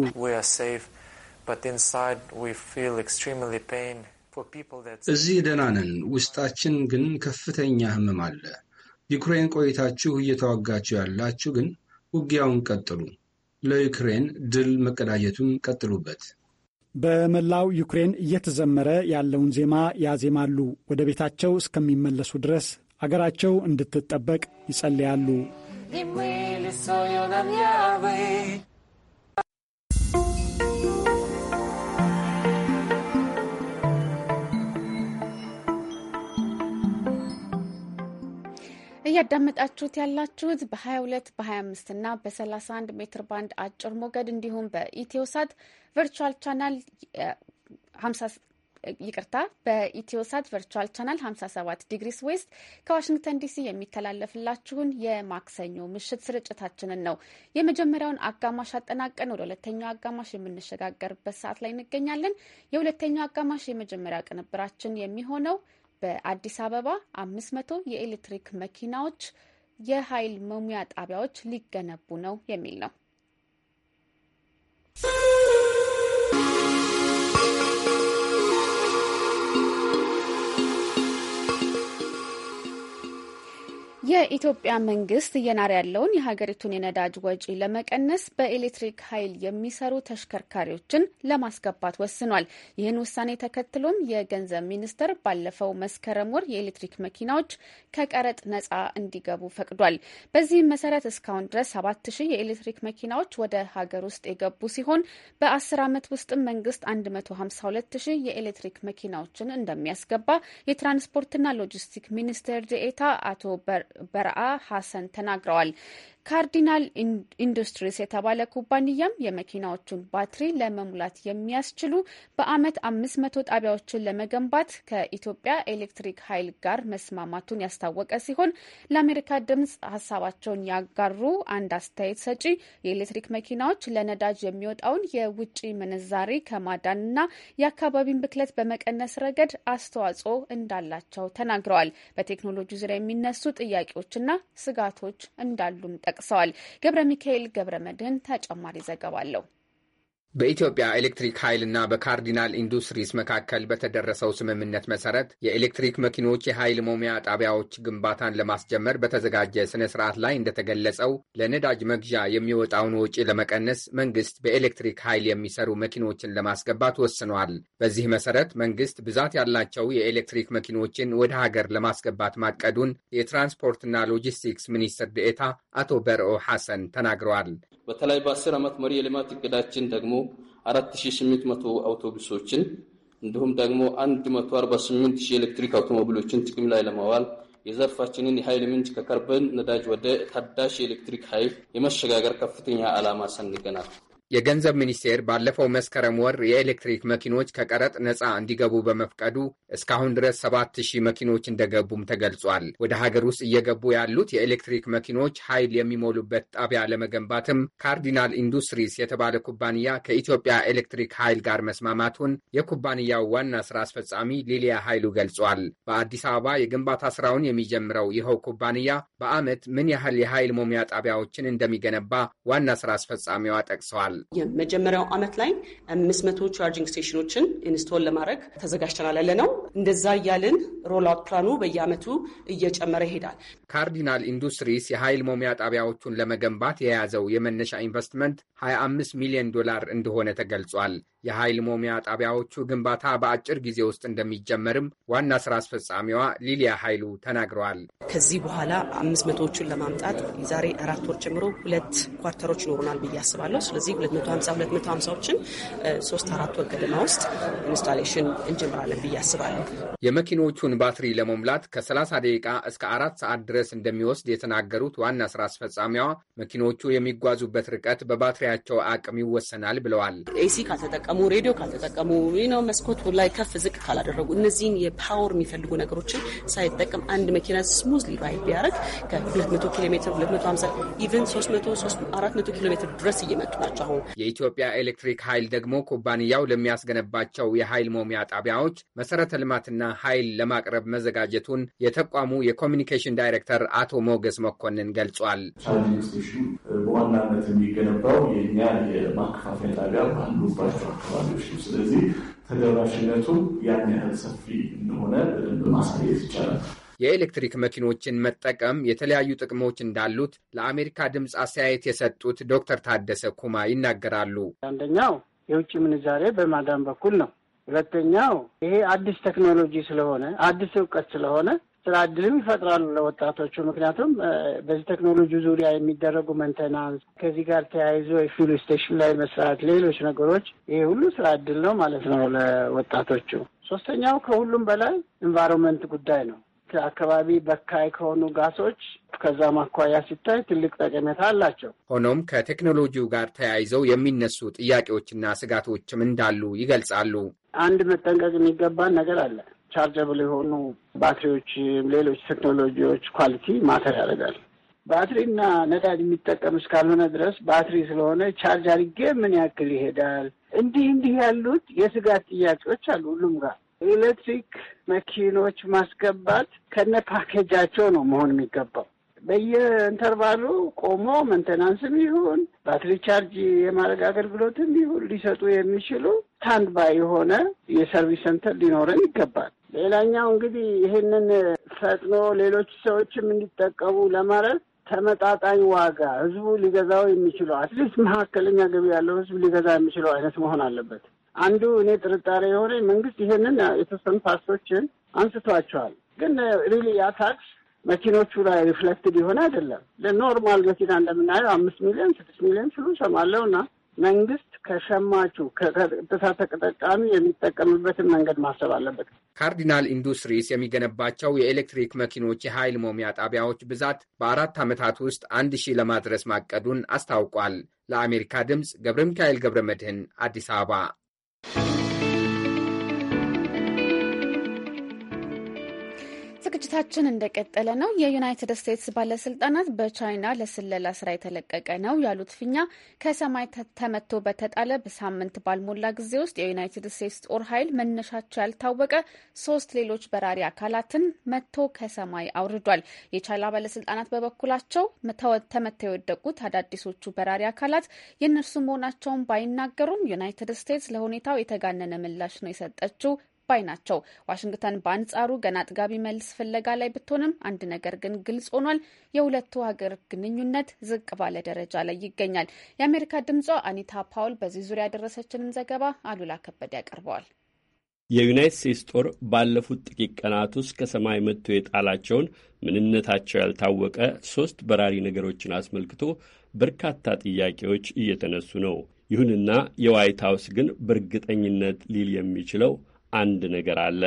እዚህ ደህና ነን፣ ውስጣችን ግን ከፍተኛ ህመም አለ። ዩክሬን ቆይታችሁ እየተዋጋችሁ ያላችሁ ግን ውጊያውን ቀጥሉ፣ ለዩክሬን ድል መቀዳጀቱን ቀጥሉበት። በመላው ዩክሬን እየተዘመረ ያለውን ዜማ ያዜማሉ። ወደ ቤታቸው እስከሚመለሱ ድረስ አገራቸው እንድትጠበቅ ይጸልያሉ። እያዳመጣችሁት ያላችሁት በ22 በ25 እና በ31 ሜትር ባንድ አጭር ሞገድ እንዲሁም በኢትዮሳት ቨርቹዋል ቻናል 50 ይቅርታ በኢትዮሳት ቨርቹዋል ቻናል 57 ዲግሪስ ዌስት ከዋሽንግተን ዲሲ የሚተላለፍላችሁን የማክሰኞ ምሽት ስርጭታችንን ነው። የመጀመሪያውን አጋማሽ አጠናቀን ወደ ሁለተኛው አጋማሽ የምንሸጋገርበት ሰዓት ላይ እንገኛለን። የሁለተኛው አጋማሽ የመጀመሪያ ቅንብራችን የሚሆነው በአዲስ አበባ አምስት መቶ የኤሌክትሪክ መኪናዎች የኃይል መሙያ ጣቢያዎች ሊገነቡ ነው የሚል ነው። የኢትዮጵያ መንግስት እየናረ ያለውን የሀገሪቱን የነዳጅ ወጪ ለመቀነስ በኤሌክትሪክ ኃይል የሚሰሩ ተሽከርካሪዎችን ለማስገባት ወስኗል። ይህን ውሳኔ ተከትሎም የገንዘብ ሚኒስቴር ባለፈው መስከረም ወር የኤሌክትሪክ መኪናዎች ከቀረጥ ነጻ እንዲገቡ ፈቅዷል። በዚህም መሰረት እስካሁን ድረስ ሰባት ሺህ የኤሌክትሪክ መኪናዎች ወደ ሀገር ውስጥ የገቡ ሲሆን በአስር ዓመት ውስጥም መንግስት አንድ መቶ ሀምሳ ሁለት ሺህ የኤሌክትሪክ መኪናዎችን እንደሚያስገባ የትራንስፖርትና ሎጂስቲክ ሚኒስቴር ዴኤታ አቶ በር በረአ ሐሰን ተናግረዋል። ካርዲናል ኢንዱስትሪስ የተባለ ኩባንያም የመኪናዎቹን ባትሪ ለመሙላት የሚያስችሉ በአመት አምስት መቶ ጣቢያዎችን ለመገንባት ከኢትዮጵያ ኤሌክትሪክ ኃይል ጋር መስማማቱን ያስታወቀ ሲሆን ለአሜሪካ ድምጽ ሀሳባቸውን ያጋሩ አንድ አስተያየት ሰጪ የኤሌክትሪክ መኪናዎች ለነዳጅ የሚወጣውን የውጭ ምንዛሬ ከማዳንና የአካባቢን ብክለት በመቀነስ ረገድ አስተዋጽኦ እንዳላቸው ተናግረዋል። በቴክኖሎጂ ዙሪያ የሚነሱ ጥያቄዎችና ስጋቶች እንዳሉም ጠቅ ጠቅሰዋል። ገብረ ሚካኤል ገብረ መድህን ተጨማሪ ዘገባ አለው። በኢትዮጵያ ኤሌክትሪክ ኃይልና በካርዲናል ኢንዱስትሪስ መካከል በተደረሰው ስምምነት መሰረት የኤሌክትሪክ መኪኖች የኃይል መሙያ ጣቢያዎች ግንባታን ለማስጀመር በተዘጋጀ ስነ ስርዓት ላይ እንደተገለጸው ለነዳጅ መግዣ የሚወጣውን ወጪ ለመቀነስ መንግስት በኤሌክትሪክ ኃይል የሚሰሩ መኪኖችን ለማስገባት ወስኗል። በዚህ መሰረት መንግስት ብዛት ያላቸው የኤሌክትሪክ መኪኖችን ወደ ሀገር ለማስገባት ማቀዱን የትራንስፖርትና ሎጂስቲክስ ሚኒስትር ዴኤታ አቶ በርኦ ሐሰን ተናግረዋል። በተለይ በአስር ዓመት መሪ የልማት እቅዳችን ደግሞ 4800 አውቶቡሶችን እንዲሁም ደግሞ 148 ሺህ ኤሌክትሪክ አውቶሞቢሎችን ጥቅም ላይ ለማዋል የዘርፋችንን የኃይል ምንጭ ከከርበን ነዳጅ ወደ ታዳሽ የኤሌክትሪክ ኃይል የመሸጋገር ከፍተኛ ዓላማ ሰንቀናል። የገንዘብ ሚኒስቴር ባለፈው መስከረም ወር የኤሌክትሪክ መኪኖች ከቀረጥ ነፃ እንዲገቡ በመፍቀዱ እስካሁን ድረስ 7000 መኪኖች እንደገቡም ተገልጿል። ወደ ሀገር ውስጥ እየገቡ ያሉት የኤሌክትሪክ መኪኖች ኃይል የሚሞሉበት ጣቢያ ለመገንባትም ካርዲናል ኢንዱስትሪስ የተባለ ኩባንያ ከኢትዮጵያ ኤሌክትሪክ ኃይል ጋር መስማማቱን የኩባንያው ዋና ስራ አስፈጻሚ ሊሊያ ኃይሉ ገልጿል። በአዲስ አበባ የግንባታ ስራውን የሚጀምረው ይኸው ኩባንያ በዓመት ምን ያህል የኃይል መሙያ ጣቢያዎችን እንደሚገነባ ዋና ስራ አስፈጻሚዋ ጠቅሰዋል። የመጀመሪያው አመት ላይ አምስት መቶ ቻርጂንግ ስቴሽኖችን ኢንስቶል ለማድረግ ተዘጋጅተናል ያለ ነው። እንደዛ እያልን ሮል አውት ፕላኑ በየአመቱ እየጨመረ ይሄዳል። ካርዲናል ኢንዱስትሪስ የኃይል መሙያ ጣቢያዎቹን ለመገንባት የያዘው የመነሻ ኢንቨስትመንት 25 ሚሊዮን ዶላር እንደሆነ ተገልጿል። የኃይል ሞሚያ ጣቢያዎቹ ግንባታ በአጭር ጊዜ ውስጥ እንደሚጀመርም ዋና ስራ አስፈጻሚዋ ሊሊያ ኃይሉ ተናግረዋል። ከዚህ በኋላ አምስት መቶዎቹን ለማምጣት የዛሬ አራት ወር ጀምሮ ሁለት ኳርተሮች ይኖሩናል ብዬ አስባለሁ። ስለዚህ ሁለት መቶ ሀምሳ ሁለት መቶ ሀምሳዎችን ሶስት አራት ወር ገደማ ውስጥ ኢንስታሌሽን እንጀምራለን ብዬ አስባለሁ። የመኪኖቹን ባትሪ ለመሙላት ከ30 ደቂቃ እስከ አራት ሰዓት ድረስ እንደሚወስድ የተናገሩት ዋና ስራ አስፈጻሚዋ መኪኖቹ የሚጓዙበት ርቀት በባትሪያቸው አቅም ይወሰናል ብለዋል። ኤሲ ካልተጠቀሙ ካልተጠቀሙ፣ ሬዲዮ ካልተጠቀሙ፣ ነው መስኮት ላይ ከፍ ዝቅ ካላደረጉ እነዚህን የፓወር የሚፈልጉ ነገሮችን ሳይጠቀም አንድ መኪና ስሙዝ ራይድ ቢያደርግ ከ200 ኪሎ ሜትር 250 ኢቨን 300 400 ኪሎ ሜትር ድረስ እየመጡ ናቸው። አሁን የኢትዮጵያ ኤሌክትሪክ ኃይል ደግሞ ኩባንያው ለሚያስገነባቸው የኃይል መሙያ ጣቢያዎች መሰረተ ልማትና ኃይል ለማቅረብ መዘጋጀቱን የተቋሙ የኮሚኒኬሽን ዳይሬክተር አቶ ሞገስ መኮንን ገልጿል። ቻርጅንግ ስቴሽኑ በዋናነት የሚገነባው የእኛ የማከፋፈያ ጣቢያ ባሉባቸው ስለዚህ ያን ያህል ሰፊ እንደሆነ በደንብ ማሳየት ይቻላል። የኤሌክትሪክ መኪኖችን መጠቀም የተለያዩ ጥቅሞች እንዳሉት ለአሜሪካ ድምፅ አስተያየት የሰጡት ዶክተር ታደሰ ኩማ ይናገራሉ። አንደኛው የውጭ ምንዛሬ በማዳን በኩል ነው። ሁለተኛው ይሄ አዲስ ቴክኖሎጂ ስለሆነ አዲስ እውቀት ስለሆነ ስራ እድልም ይፈጥራሉ ለወጣቶቹ። ምክንያቱም በዚህ ቴክኖሎጂ ዙሪያ የሚደረጉ መንተናንስ፣ ከዚህ ጋር ተያይዞ የፊል ስቴሽን ላይ መስራት፣ ሌሎች ነገሮች ይሄ ሁሉ ስራ እድል ነው ማለት ነው ለወጣቶቹ። ሶስተኛው ከሁሉም በላይ ኢንቫይሮንመንት ጉዳይ ነው። አካባቢ በካይ ከሆኑ ጋሶች ከዛ ማኳያ ሲታይ ትልቅ ጠቀሜታ አላቸው። ሆኖም ከቴክኖሎጂው ጋር ተያይዘው የሚነሱ ጥያቄዎችና ስጋቶችም እንዳሉ ይገልጻሉ። አንድ መጠንቀቅ የሚገባን ነገር አለ። ቻርጀብል የሆኑ ባትሪዎችም ሌሎች ቴክኖሎጂዎች ኳሊቲ ማተር ያደርጋል። ባትሪና ነዳጅ የሚጠቀም እስካልሆነ ድረስ ባትሪ ስለሆነ ቻርጅ አድርጌ ምን ያክል ይሄዳል? እንዲህ እንዲህ ያሉት የስጋት ጥያቄዎች አሉ ሁሉም ጋር። ኤሌክትሪክ መኪኖች ማስገባት ከነ ፓኬጃቸው ነው መሆን የሚገባው። በየኢንተርቫሉ ቆሞ መንተናንስም ይሁን ባትሪ ቻርጅ የማድረግ አገልግሎትም ይሁን ሊሰጡ የሚችሉ ስታንድ ባይ የሆነ የሰርቪስ ሰንተር ሊኖረን ይገባል። ሌላኛው እንግዲህ ይህንን ፈጥኖ ሌሎች ሰዎችም እንዲጠቀሙ ለማድረግ ተመጣጣኝ ዋጋ ህዝቡ ሊገዛው የሚችለው አትሊስት መካከለኛ ገቢ ያለው ህዝብ ሊገዛ የሚችለው አይነት መሆን አለበት። አንዱ እኔ ጥርጣሬ የሆነ መንግስት ይህንን የተወሰኑ ፓርቶችን አንስቷቸዋል። ግን ሪሊ ያ ታክስ መኪኖቹ ላይ ሪፍሌክትድ የሆነ አይደለም። ለኖርማል መኪና እንደምናየው አምስት ሚሊዮን ስድስት ሚሊዮን ስሉ ሰማለው እና መንግስት ከሸማቹ ከጥሳተ ተጠቃሚ የሚጠቀምበትን መንገድ ማሰብ አለበት። ካርዲናል ኢንዱስትሪስ የሚገነባቸው የኤሌክትሪክ መኪኖች የኃይል መሙያ ጣቢያዎች ብዛት በአራት ዓመታት ውስጥ አንድ ሺህ ለማድረስ ማቀዱን አስታውቋል። ለአሜሪካ ድምፅ ገብረ ሚካኤል ገብረ መድህን አዲስ አበባ ዝግጅታችን እንደቀጠለ ነው። የዩናይትድ ስቴትስ ባለስልጣናት በቻይና ለስለላ ስራ የተለቀቀ ነው ያሉት ፊኛ ከሰማይ ተመቶ በተጣለ በሳምንት ባልሞላ ጊዜ ውስጥ የዩናይትድ ስቴትስ ጦር ኃይል መነሻቸው ያልታወቀ ሶስት ሌሎች በራሪ አካላትን መቶ ከሰማይ አውርዷል። የቻይና ባለስልጣናት በበኩላቸው ተመተው የወደቁት አዳዲሶቹ በራሪ አካላት የእነርሱ መሆናቸውን ባይናገሩም ዩናይትድ ስቴትስ ለሁኔታው የተጋነነ ምላሽ ነው የሰጠችው ባይ ናቸው። ዋሽንግተን በአንጻሩ ገና አጥጋቢ መልስ ፍለጋ ላይ ብትሆንም አንድ ነገር ግን ግልጽ ሆኗል። የሁለቱ ሀገር ግንኙነት ዝቅ ባለ ደረጃ ላይ ይገኛል። የአሜሪካ ድምጿ አኒታ ፓውል በዚህ ዙሪያ ያደረሰችንን ዘገባ አሉላ ከበደ ያቀርበዋል። የዩናይት ስቴትስ ጦር ባለፉት ጥቂት ቀናት ውስጥ ከሰማይ መጥቶ የጣላቸውን ምንነታቸው ያልታወቀ ሶስት በራሪ ነገሮችን አስመልክቶ በርካታ ጥያቄዎች እየተነሱ ነው። ይሁንና የዋይት ሀውስ ግን በእርግጠኝነት ሊል የሚችለው አንድ ነገር አለ።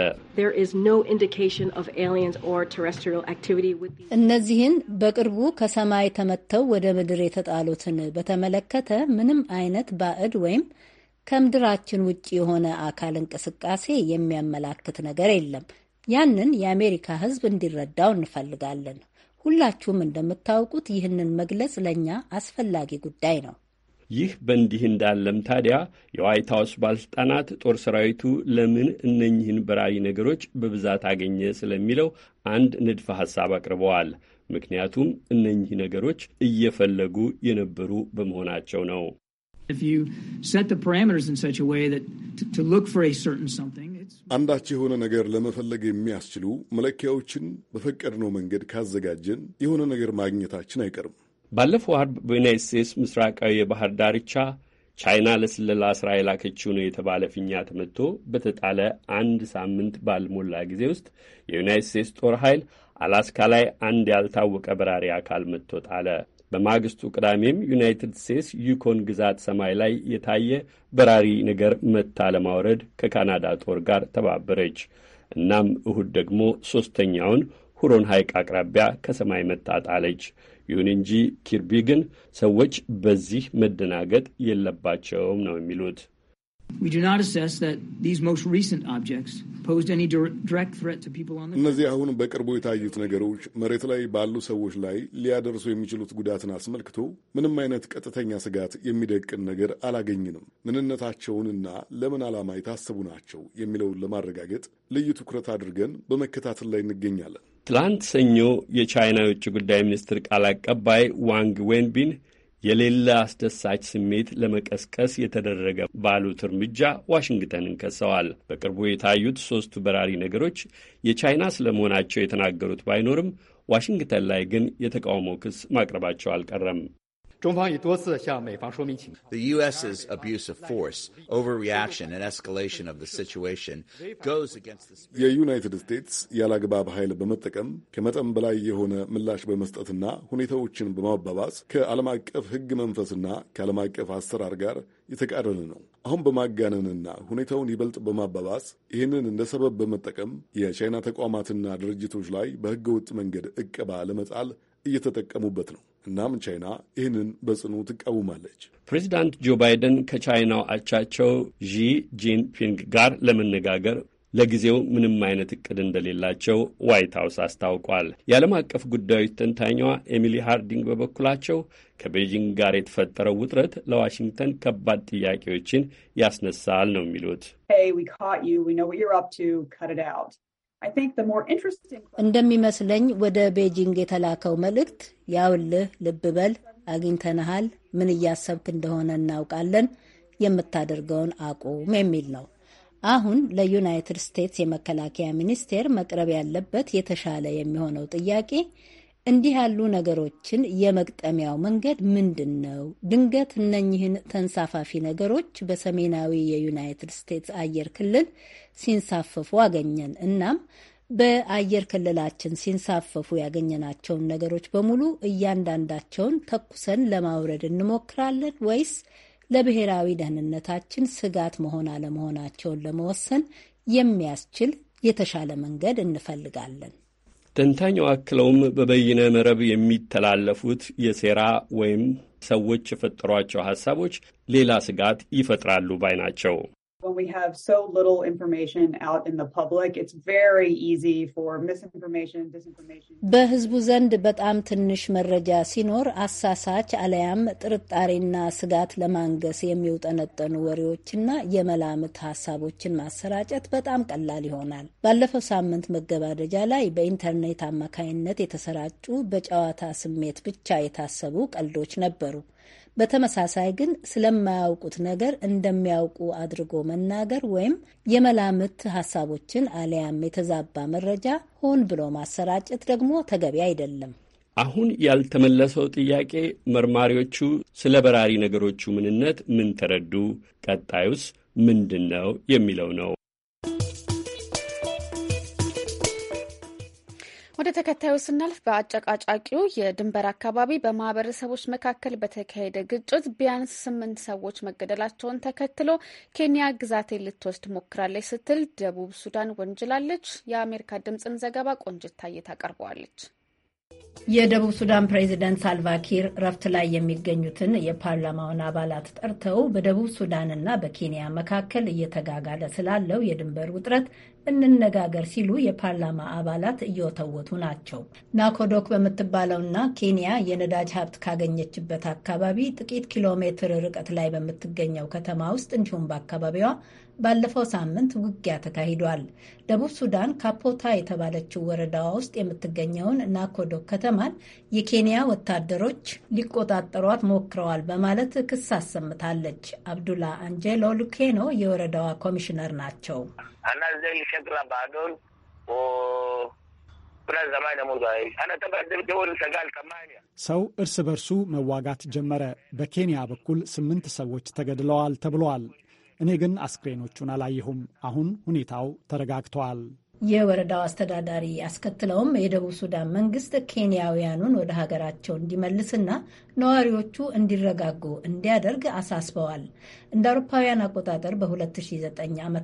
እነዚህን በቅርቡ ከሰማይ ተመተው ወደ ምድር የተጣሉትን በተመለከተ ምንም አይነት ባዕድ ወይም ከምድራችን ውጭ የሆነ አካል እንቅስቃሴ የሚያመላክት ነገር የለም። ያንን የአሜሪካ ሕዝብ እንዲረዳው እንፈልጋለን። ሁላችሁም እንደምታውቁት ይህንን መግለጽ ለእኛ አስፈላጊ ጉዳይ ነው። ይህ በእንዲህ እንዳለም ታዲያ የዋይት ሀውስ ባለሥልጣናት ጦር ሰራዊቱ ለምን እነኚህን በራሪ ነገሮች በብዛት አገኘ ስለሚለው አንድ ንድፈ ሐሳብ አቅርበዋል። ምክንያቱም እነኚህ ነገሮች እየፈለጉ የነበሩ በመሆናቸው ነው። አንዳች የሆነ ነገር ለመፈለግ የሚያስችሉ መለኪያዎችን በፈቀድነው መንገድ ካዘጋጀን የሆነ ነገር ማግኘታችን አይቀርም። ባለፈው አርብ በዩናይት ስቴትስ ምስራቃዊ የባህር ዳርቻ ቻይና ለስለላ ስራ የላከችው ነው የተባለ ፊኛ ተመትቶ በተጣለ አንድ ሳምንት ባልሞላ ጊዜ ውስጥ የዩናይት ስቴትስ ጦር ኃይል አላስካ ላይ አንድ ያልታወቀ በራሪ አካል መጥቶ ጣለ። በማግስቱ ቅዳሜም ዩናይትድ ስቴትስ ዩኮን ግዛት ሰማይ ላይ የታየ በራሪ ነገር መታ ለማውረድ ከካናዳ ጦር ጋር ተባበረች። እናም እሁድ ደግሞ ሦስተኛውን ሁሮን ሐይቅ አቅራቢያ ከሰማይ መታ ጣለች። ይሁን እንጂ ኪርቢ ግን ሰዎች በዚህ መደናገጥ የለባቸውም ነው የሚሉት። እነዚህ አሁን በቅርቡ የታዩት ነገሮች መሬት ላይ ባሉ ሰዎች ላይ ሊያደርሱ የሚችሉት ጉዳትን አስመልክቶ ምንም አይነት ቀጥተኛ ስጋት የሚደቅን ነገር አላገኝንም። ምንነታቸውንና ለምን ዓላማ የታሰቡ ናቸው የሚለውን ለማረጋገጥ ልዩ ትኩረት አድርገን በመከታተል ላይ እንገኛለን። ትላንት ሰኞ የቻይና የውጭ ጉዳይ ሚኒስትር ቃል አቀባይ ዋንግ ዌንቢን የሌለ አስደሳች ስሜት ለመቀስቀስ የተደረገ ባሉት እርምጃ ዋሽንግተንን ከሰዋል። በቅርቡ የታዩት ሦስቱ በራሪ ነገሮች የቻይና ስለመሆናቸው የተናገሩት ባይኖርም ዋሽንግተን ላይ ግን የተቃውሞ ክስ ማቅረባቸው አልቀረም። 中方已多次向美方说明情况。The U.S.'s abuse of force, overreaction, and escalation of the situation goes against the. የዩናይትድ ስቴትስ ያላግባብ ኃይል በመጠቀም ከመጠን በላይ የሆነ ምላሽ በመስጠትና ሁኔታዎችን በማባባስ ከዓለም አቀፍ ሕግ መንፈስና ከዓለም አቀፍ አሰራር ጋር የተቃረነ ነው። አሁን በማጋነንና ሁኔታውን ይበልጥ በማባባስ ይህንን እንደ ሰበብ በመጠቀም የቻይና ተቋማትና ድርጅቶች ላይ በሕገ ወጥ መንገድ ዕቀባ ለመጣል እየተጠቀሙበት ነው። እናም ቻይና ይህንን በጽኑ ትቃወማለች። ፕሬዚዳንት ጆ ባይደን ከቻይናው አቻቸው ዢ ጂንፒንግ ጋር ለመነጋገር ለጊዜው ምንም አይነት እቅድ እንደሌላቸው ዋይት ሀውስ አስታውቋል። የዓለም አቀፍ ጉዳዮች ተንታኛዋ ኤሚሊ ሃርዲንግ በበኩላቸው ከቤጂንግ ጋር የተፈጠረው ውጥረት ለዋሽንግተን ከባድ ጥያቄዎችን ያስነሳል ነው የሚሉት እንደሚመስለኝ ወደ ቤጂንግ የተላከው መልእክት ያውልህ፣ ልብ በል፣ አግኝተንሃል፣ ምን እያሰብክ እንደሆነ እናውቃለን፣ የምታደርገውን አቁም የሚል ነው። አሁን ለዩናይትድ ስቴትስ የመከላከያ ሚኒስቴር መቅረብ ያለበት የተሻለ የሚሆነው ጥያቄ እንዲህ ያሉ ነገሮችን የመግጠሚያው መንገድ ምንድን ነው? ድንገት እነኝህን ተንሳፋፊ ነገሮች በሰሜናዊ የዩናይትድ ስቴትስ አየር ክልል ሲንሳፈፉ አገኘን። እናም በአየር ክልላችን ሲንሳፈፉ ያገኘናቸውን ነገሮች በሙሉ እያንዳንዳቸውን ተኩሰን ለማውረድ እንሞክራለን ወይስ ለብሔራዊ ደህንነታችን ስጋት መሆን አለመሆናቸውን ለመወሰን የሚያስችል የተሻለ መንገድ እንፈልጋለን? ተንታኛው አክለውም በበይነ መረብ የሚተላለፉት የሴራ ወይም ሰዎች የፈጠሯቸው ሀሳቦች ሌላ ስጋት ይፈጥራሉ ባይ ናቸው። When we have so little information out in the public, it's very easy for misinformation, disinformation. በህዝቡ ዘንድ በጣም ትንሽ መረጃ ሲኖር አሳሳች አለያም ጥርጣሬና ስጋት ለማንገስ የሚውጠነጠኑ ወሬዎችና የመላምት ሀሳቦችን ማሰራጨት በጣም ቀላል ይሆናል። ባለፈው ሳምንት መገባደጃ ላይ በኢንተርኔት አማካይነት የተሰራጩ በጨዋታ ስሜት ብቻ የታሰቡ ቀልዶች ነበሩ። በተመሳሳይ ግን ስለማያውቁት ነገር እንደሚያውቁ አድርጎ መናገር ወይም የመላምት ሀሳቦችን አሊያም የተዛባ መረጃ ሆን ብሎ ማሰራጨት ደግሞ ተገቢ አይደለም። አሁን ያልተመለሰው ጥያቄ መርማሪዎቹ ስለ በራሪ ነገሮቹ ምንነት ምን ተረዱ፣ ቀጣዩስ ምንድን ነው የሚለው ነው። ወደ ተከታዩ ስናልፍ በአጨቃጫቂው የድንበር አካባቢ በማህበረሰቦች መካከል በተካሄደ ግጭት ቢያንስ ስምንት ሰዎች መገደላቸውን ተከትሎ ኬንያ ግዛቴ ልትወስድ ሞክራለች ስትል ደቡብ ሱዳን ወንጅላለች። የአሜሪካ ድምፅን ዘገባ ቆንጅት ታየ ታቀርበዋለች። የደቡብ ሱዳን ፕሬዚደንት ሳልቫኪር እረፍት ላይ የሚገኙትን የፓርላማውን አባላት ጠርተው በደቡብ ሱዳን በኬንያ መካከል እየተጋጋለ ስላለው የድንበር ውጥረት እንነጋገር ሲሉ የፓርላማ አባላት እየወተወቱ ናቸው። ናኮዶክ በምትባለውና ኬንያ የነዳጅ ሀብት ካገኘችበት አካባቢ ጥቂት ኪሎ ሜትር ርቀት ላይ በምትገኘው ከተማ ውስጥ እንዲሁም በአካባቢዋ ባለፈው ሳምንት ውጊያ ተካሂዷል። ደቡብ ሱዳን ካፖታ የተባለችው ወረዳዋ ውስጥ የምትገኘውን ናኮዶ ከተማን የኬንያ ወታደሮች ሊቆጣጠሯት ሞክረዋል በማለት ክስ አሰምታለች። አብዱላ አንጀሎ ሉኬኖ የወረዳዋ ኮሚሽነር ናቸው። ሰው እርስ በርሱ መዋጋት ጀመረ። በኬንያ በኩል ስምንት ሰዎች ተገድለዋል ተብለዋል። እኔ ግን አስክሬኖቹን አላየሁም። አሁን ሁኔታው ተረጋግተዋል። የወረዳው አስተዳዳሪ አስከትለውም የደቡብ ሱዳን መንግስት ኬንያውያኑን ወደ ሀገራቸው እንዲመልስና ነዋሪዎቹ እንዲረጋጉ እንዲያደርግ አሳስበዋል። እንደ አውሮፓውያን አቆጣጠር በ2009 ዓ ም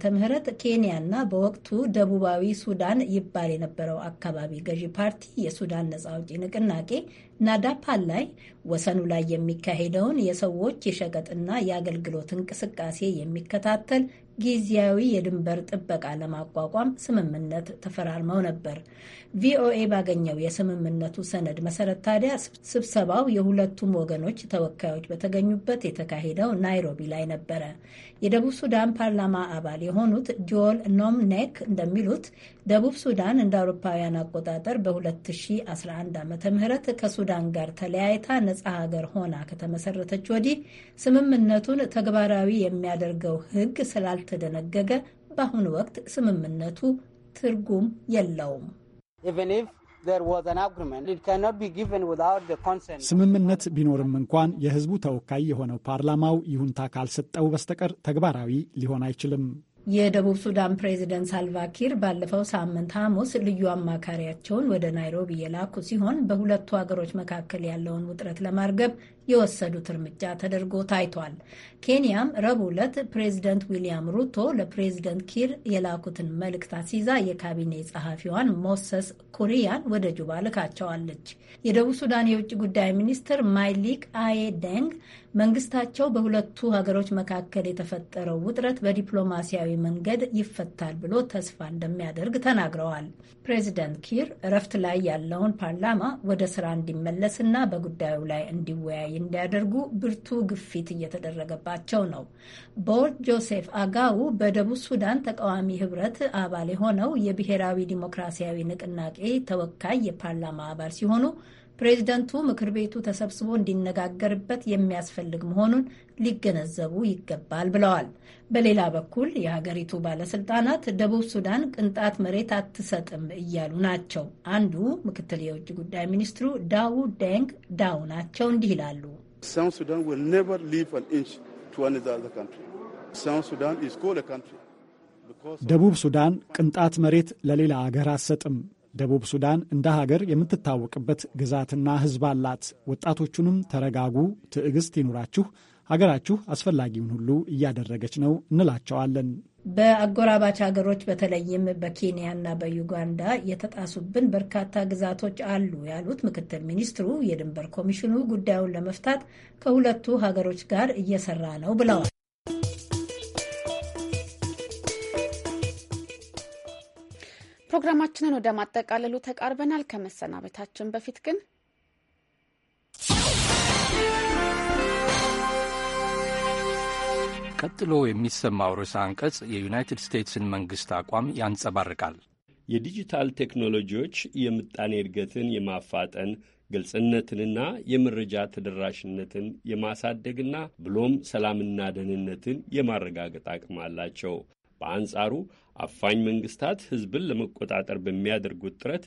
ኬንያና በወቅቱ ደቡባዊ ሱዳን ይባል የነበረው አካባቢ ገዢ ፓርቲ የሱዳን ነጻ አውጪ ንቅናቄ ናዳፓል ላይ ወሰኑ ላይ የሚካሄደውን የሰዎች የሸቀጥና የአገልግሎት እንቅስቃሴ የሚከታተል ጊዜያዊ የድንበር ጥበቃ ለማቋቋም ስምምነት ተፈራርመው ነበር። ቪኦኤ ባገኘው የስምምነቱ ሰነድ መሰረት ታዲያ ስብሰባው የሁለቱም ወገኖች ተወካዮች በተገኙበት የተካሄደው ናይሮቢ ላይ ነበረ። የደቡብ ሱዳን ፓርላማ አባል የሆኑት ጆል ኖምኔክ እንደሚሉት ደቡብ ሱዳን እንደ አውሮፓውያን አቆጣጠር በ2011 ም ከሱዳን ጋር ተለያይታ ነጻ ሀገር ሆና ከተመሰረተች ወዲህ ስምምነቱን ተግባራዊ የሚያደርገው ሕግ ስላልተደነገገ በአሁኑ ወቅት ስምምነቱ ትርጉም የለውም። ስምምነት ቢኖርም እንኳን የህዝቡ ተወካይ የሆነው ፓርላማው ይሁንታ ካልሰጠው በስተቀር ተግባራዊ ሊሆን አይችልም። የደቡብ ሱዳን ፕሬዚደንት ሳልቫኪር ባለፈው ሳምንት ሐሙስ ልዩ አማካሪያቸውን ወደ ናይሮቢ የላኩ ሲሆን በሁለቱ ሀገሮች መካከል ያለውን ውጥረት ለማርገብ የወሰዱት እርምጃ ተደርጎ ታይቷል። ኬንያም ረቡዕ ዕለት ፕሬዚደንት ዊሊያም ሩቶ ለፕሬዚደንት ኪር የላኩትን መልእክት አስይዛ የካቢኔ ጸሐፊዋን ሞሰስ ኩሪያን ወደ ጁባ ልካቸዋለች። የደቡብ ሱዳን የውጭ ጉዳይ ሚኒስትር ማይሊክ አዬ ደንግ መንግስታቸው በሁለቱ ሀገሮች መካከል የተፈጠረው ውጥረት በዲፕሎማሲያዊ መንገድ ይፈታል ብሎ ተስፋ እንደሚያደርግ ተናግረዋል። ፕሬዚደንት ኪር እረፍት ላይ ያለውን ፓርላማ ወደ ስራ እንዲመለስና በጉዳዩ ላይ እንዲወያይ እንዲያደርጉ ብርቱ ግፊት እየተደረገባቸው ነው። ቦርድ ጆሴፍ አጋው በደቡብ ሱዳን ተቃዋሚ ህብረት አባል የሆነው የብሔራዊ ዲሞክራሲያዊ ንቅናቄ ተወካይ የፓርላማ አባል ሲሆኑ ፕሬዚደንቱ ምክር ቤቱ ተሰብስቦ እንዲነጋገርበት የሚያስፈልግ መሆኑን ሊገነዘቡ ይገባል ብለዋል። በሌላ በኩል የሀገሪቱ ባለስልጣናት ደቡብ ሱዳን ቅንጣት መሬት አትሰጥም እያሉ ናቸው። አንዱ ምክትል የውጭ ጉዳይ ሚኒስትሩ ዳው ደንግ ዳው ናቸው። እንዲህ ይላሉ። ደቡብ ሱዳን ቅንጣት መሬት ለሌላ አገር አትሰጥም ደቡብ ሱዳን እንደ ሀገር የምትታወቅበት ግዛትና ሕዝብ አላት። ወጣቶቹንም ተረጋጉ፣ ትዕግስት ይኑራችሁ፣ ሀገራችሁ አስፈላጊውን ሁሉ እያደረገች ነው እንላቸዋለን። በአጎራባች ሀገሮች በተለይም በኬንያና በዩጋንዳ የተጣሱብን በርካታ ግዛቶች አሉ ያሉት ምክትል ሚኒስትሩ የድንበር ኮሚሽኑ ጉዳዩን ለመፍታት ከሁለቱ ሀገሮች ጋር እየሰራ ነው ብለዋል። ፕሮግራማችንን ወደ ማጠቃለሉ ተቃርበናል። ከመሰናበታችን በፊት ግን ቀጥሎ የሚሰማው ርዕሰ አንቀጽ የዩናይትድ ስቴትስን መንግሥት አቋም ያንጸባርቃል። የዲጂታል ቴክኖሎጂዎች የምጣኔ እድገትን የማፋጠን ግልጽነትንና የመረጃ ተደራሽነትን የማሳደግና ብሎም ሰላምና ደህንነትን የማረጋገጥ አቅም አላቸው። በአንጻሩ አፋኝ መንግስታት ህዝብን ለመቆጣጠር በሚያደርጉት ጥረት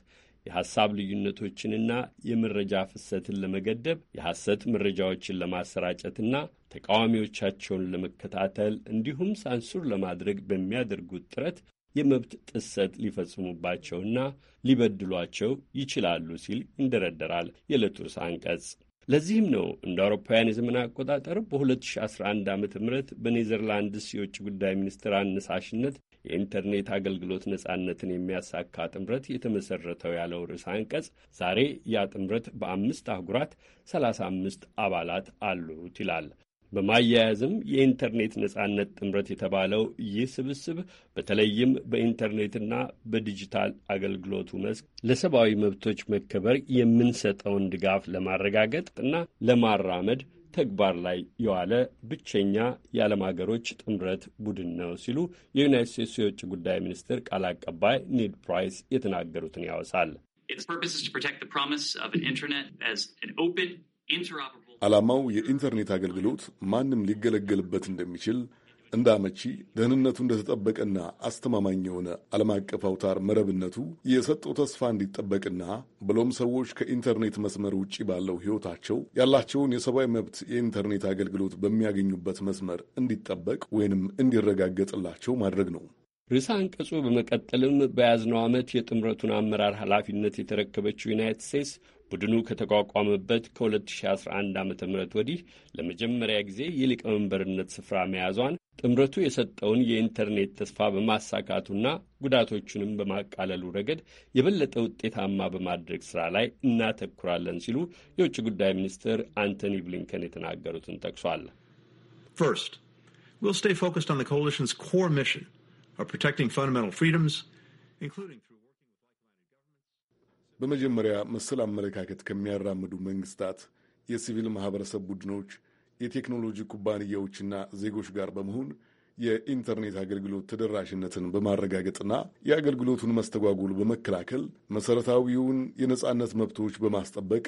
የሐሳብ ልዩነቶችንና የመረጃ ፍሰትን ለመገደብ የሐሰት መረጃዎችን ለማሰራጨትና ተቃዋሚዎቻቸውን ለመከታተል እንዲሁም ሳንሱር ለማድረግ በሚያደርጉት ጥረት የመብት ጥሰት ሊፈጽሙባቸውና ሊበድሏቸው ይችላሉ ሲል ይንደረደራል የዕለቱ ርዕሰ አንቀጽ። ለዚህም ነው እንደ አውሮፓውያን የዘመን አቆጣጠር በ2011 ዓ ም በኔዘርላንድስ የውጭ ጉዳይ ሚኒስትር አነሳሽነት የኢንተርኔት አገልግሎት ነጻነትን የሚያሳካ ጥምረት የተመሰረተው ያለው ርዕሰ አንቀጽ ዛሬ ያ ጥምረት በአምስት አህጉራት 35 አባላት አሉት ይላል። በማያያዝም የኢንተርኔት ነጻነት ጥምረት የተባለው ይህ ስብስብ በተለይም በኢንተርኔትና በዲጂታል አገልግሎቱ መስክ ለሰብአዊ መብቶች መከበር የምንሰጠውን ድጋፍ ለማረጋገጥ እና ለማራመድ ተግባር ላይ የዋለ ብቸኛ የዓለም ሀገሮች ጥምረት ቡድን ነው ሲሉ የዩናይት ስቴትስ የውጭ ጉዳይ ሚኒስትር ቃል አቀባይ ኒድ ፕራይስ የተናገሩትን ያወሳል። ዓላማው የኢንተርኔት አገልግሎት ማንም ሊገለገልበት እንደሚችል እንደ አመቺ ደህንነቱ እንደተጠበቀና አስተማማኝ የሆነ ዓለም አቀፍ አውታር መረብነቱ የሰጠው ተስፋ እንዲጠበቅና ብሎም ሰዎች ከኢንተርኔት መስመር ውጭ ባለው ሕይወታቸው ያላቸውን የሰብአዊ መብት የኢንተርኔት አገልግሎት በሚያገኙበት መስመር እንዲጠበቅ ወይንም እንዲረጋገጥላቸው ማድረግ ነው። ርዕሰ አንቀጹ በመቀጠልም በያዝነው ዓመት የጥምረቱን አመራር ኃላፊነት የተረከበችው ዩናይትድ ስቴትስ ቡድኑ ከተቋቋመበት ከ2011 ዓ ም ወዲህ ለመጀመሪያ ጊዜ የሊቀመንበርነት ስፍራ መያዟን ጥምረቱ የሰጠውን የኢንተርኔት ተስፋ በማሳካቱና ጉዳቶቹንም በማቃለሉ ረገድ የበለጠ ውጤታማ በማድረግ ሥራ ላይ እናተኩራለን ሲሉ የውጭ ጉዳይ ሚኒስትር አንቶኒ ብሊንከን የተናገሩትን ጠቅሷል። First, we'll stay focused on the coalition's core mission of protecting fundamental freedoms, including በመጀመሪያ መሰል አመለካከት ከሚያራምዱ መንግስታት፣ የሲቪል ማህበረሰብ ቡድኖች፣ የቴክኖሎጂ ኩባንያዎችና ዜጎች ጋር በመሆን የኢንተርኔት አገልግሎት ተደራሽነትን በማረጋገጥና የአገልግሎቱን መስተጓጉል በመከላከል መሰረታዊውን የነጻነት መብቶች በማስጠበቅ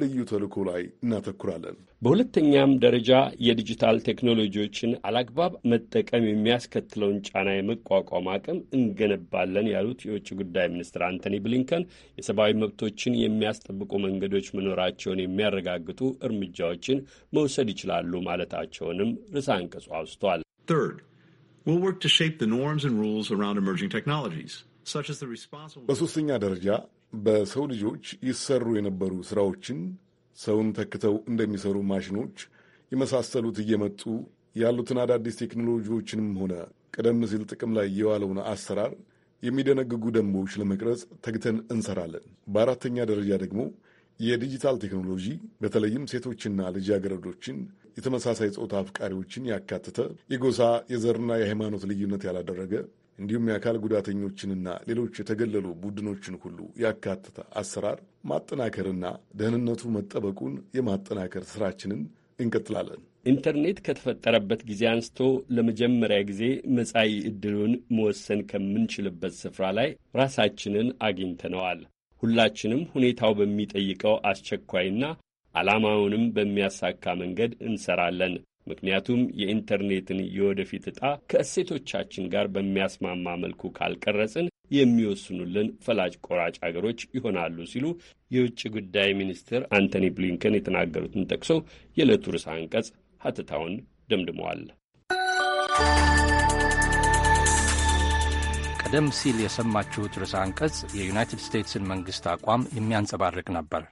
ልዩ ተልዕኮ ላይ እናተኩራለን። በሁለተኛም ደረጃ የዲጂታል ቴክኖሎጂዎችን አላግባብ መጠቀም የሚያስከትለውን ጫና የመቋቋም አቅም እንገነባለን ያሉት የውጭ ጉዳይ ሚኒስትር አንቶኒ ብሊንከን የሰብአዊ መብቶችን የሚያስጠብቁ መንገዶች መኖራቸውን የሚያረጋግጡ እርምጃዎችን መውሰድ ይችላሉ ማለታቸውንም ርዕሰ አንቀጹ አውስቷል። በሶስተኛ ደረጃ በሰው ልጆች ይሰሩ የነበሩ ስራዎችን ሰውን ተክተው እንደሚሰሩ ማሽኖች የመሳሰሉት እየመጡ ያሉትን አዳዲስ ቴክኖሎጂዎችንም ሆነ ቀደም ሲል ጥቅም ላይ የዋለውን አሰራር የሚደነግጉ ደንቦች ለመቅረጽ ተግተን እንሰራለን። በአራተኛ ደረጃ ደግሞ የዲጂታል ቴክኖሎጂ በተለይም ሴቶችና ልጃገረዶችን፣ የተመሳሳይ ፆታ አፍቃሪዎችን ያካተተ የጎሳ የዘርና የሃይማኖት ልዩነት ያላደረገ እንዲሁም የአካል ጉዳተኞችንና ሌሎች የተገለሉ ቡድኖችን ሁሉ ያካተተ አሰራር ማጠናከርና ደህንነቱ መጠበቁን የማጠናከር ስራችንን እንቀጥላለን። ኢንተርኔት ከተፈጠረበት ጊዜ አንስቶ ለመጀመሪያ ጊዜ መጻኢ ዕድሉን መወሰን ከምንችልበት ስፍራ ላይ ራሳችንን አግኝተነዋል። ሁላችንም ሁኔታው በሚጠይቀው አስቸኳይና ዓላማውንም በሚያሳካ መንገድ እንሰራለን። ምክንያቱም የኢንተርኔትን የወደፊት ዕጣ ከእሴቶቻችን ጋር በሚያስማማ መልኩ ካልቀረጽን የሚወስኑልን ፈላጭ ቆራጭ አገሮች ይሆናሉ ሲሉ የውጭ ጉዳይ ሚኒስትር አንቶኒ ብሊንከን የተናገሩትን ጠቅሶ የዕለቱ ርዕሰ አንቀጽ ሀተታውን ደምድመዋል። ቀደም ሲል የሰማችሁት ርዕሰ አንቀጽ የዩናይትድ ስቴትስን መንግሥት አቋም የሚያንጸባርቅ ነበር።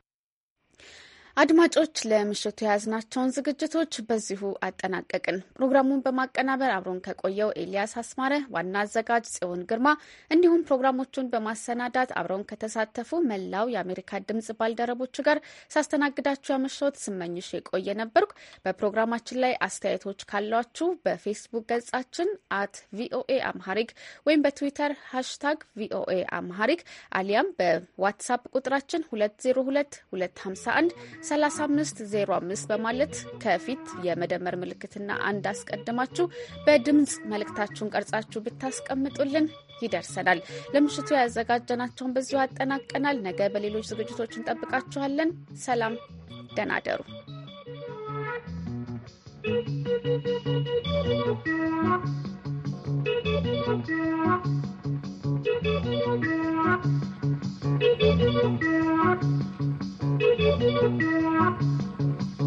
አድማጮች ለምሽቱ የያዝናቸውን ዝግጅቶች በዚሁ አጠናቀቅን። ፕሮግራሙን በማቀናበር አብሮን ከቆየው ኤልያስ አስማረ፣ ዋና አዘጋጅ ጽዮን ግርማ እንዲሁም ፕሮግራሞቹን በማሰናዳት አብረውን ከተሳተፉ መላው የአሜሪካ ድምጽ ባልደረቦች ጋር ሳስተናግዳችሁ ያመሸሁት ስመኝሽ የቆየ ነበርኩ። በፕሮግራማችን ላይ አስተያየቶች ካሏችሁ በፌስቡክ ገጻችን አት ቪኦኤ አምሃሪክ ወይም በትዊተር ሃሽታግ ቪኦኤ አምሃሪክ አሊያም በዋትሳፕ ቁጥራችን 202 251 3505 በማለት ከፊት የመደመር ምልክትና አንድ አስቀድማችሁ በድምፅ መልእክታችሁን ቀርጻችሁ ብታስቀምጡልን ይደርሰናል። ለምሽቱ ያዘጋጀናቸውን በዚሁ አጠናቀናል። ነገ በሌሎች ዝግጅቶች እንጠብቃችኋለን። ሰላም፣ ደህና you. Thank you.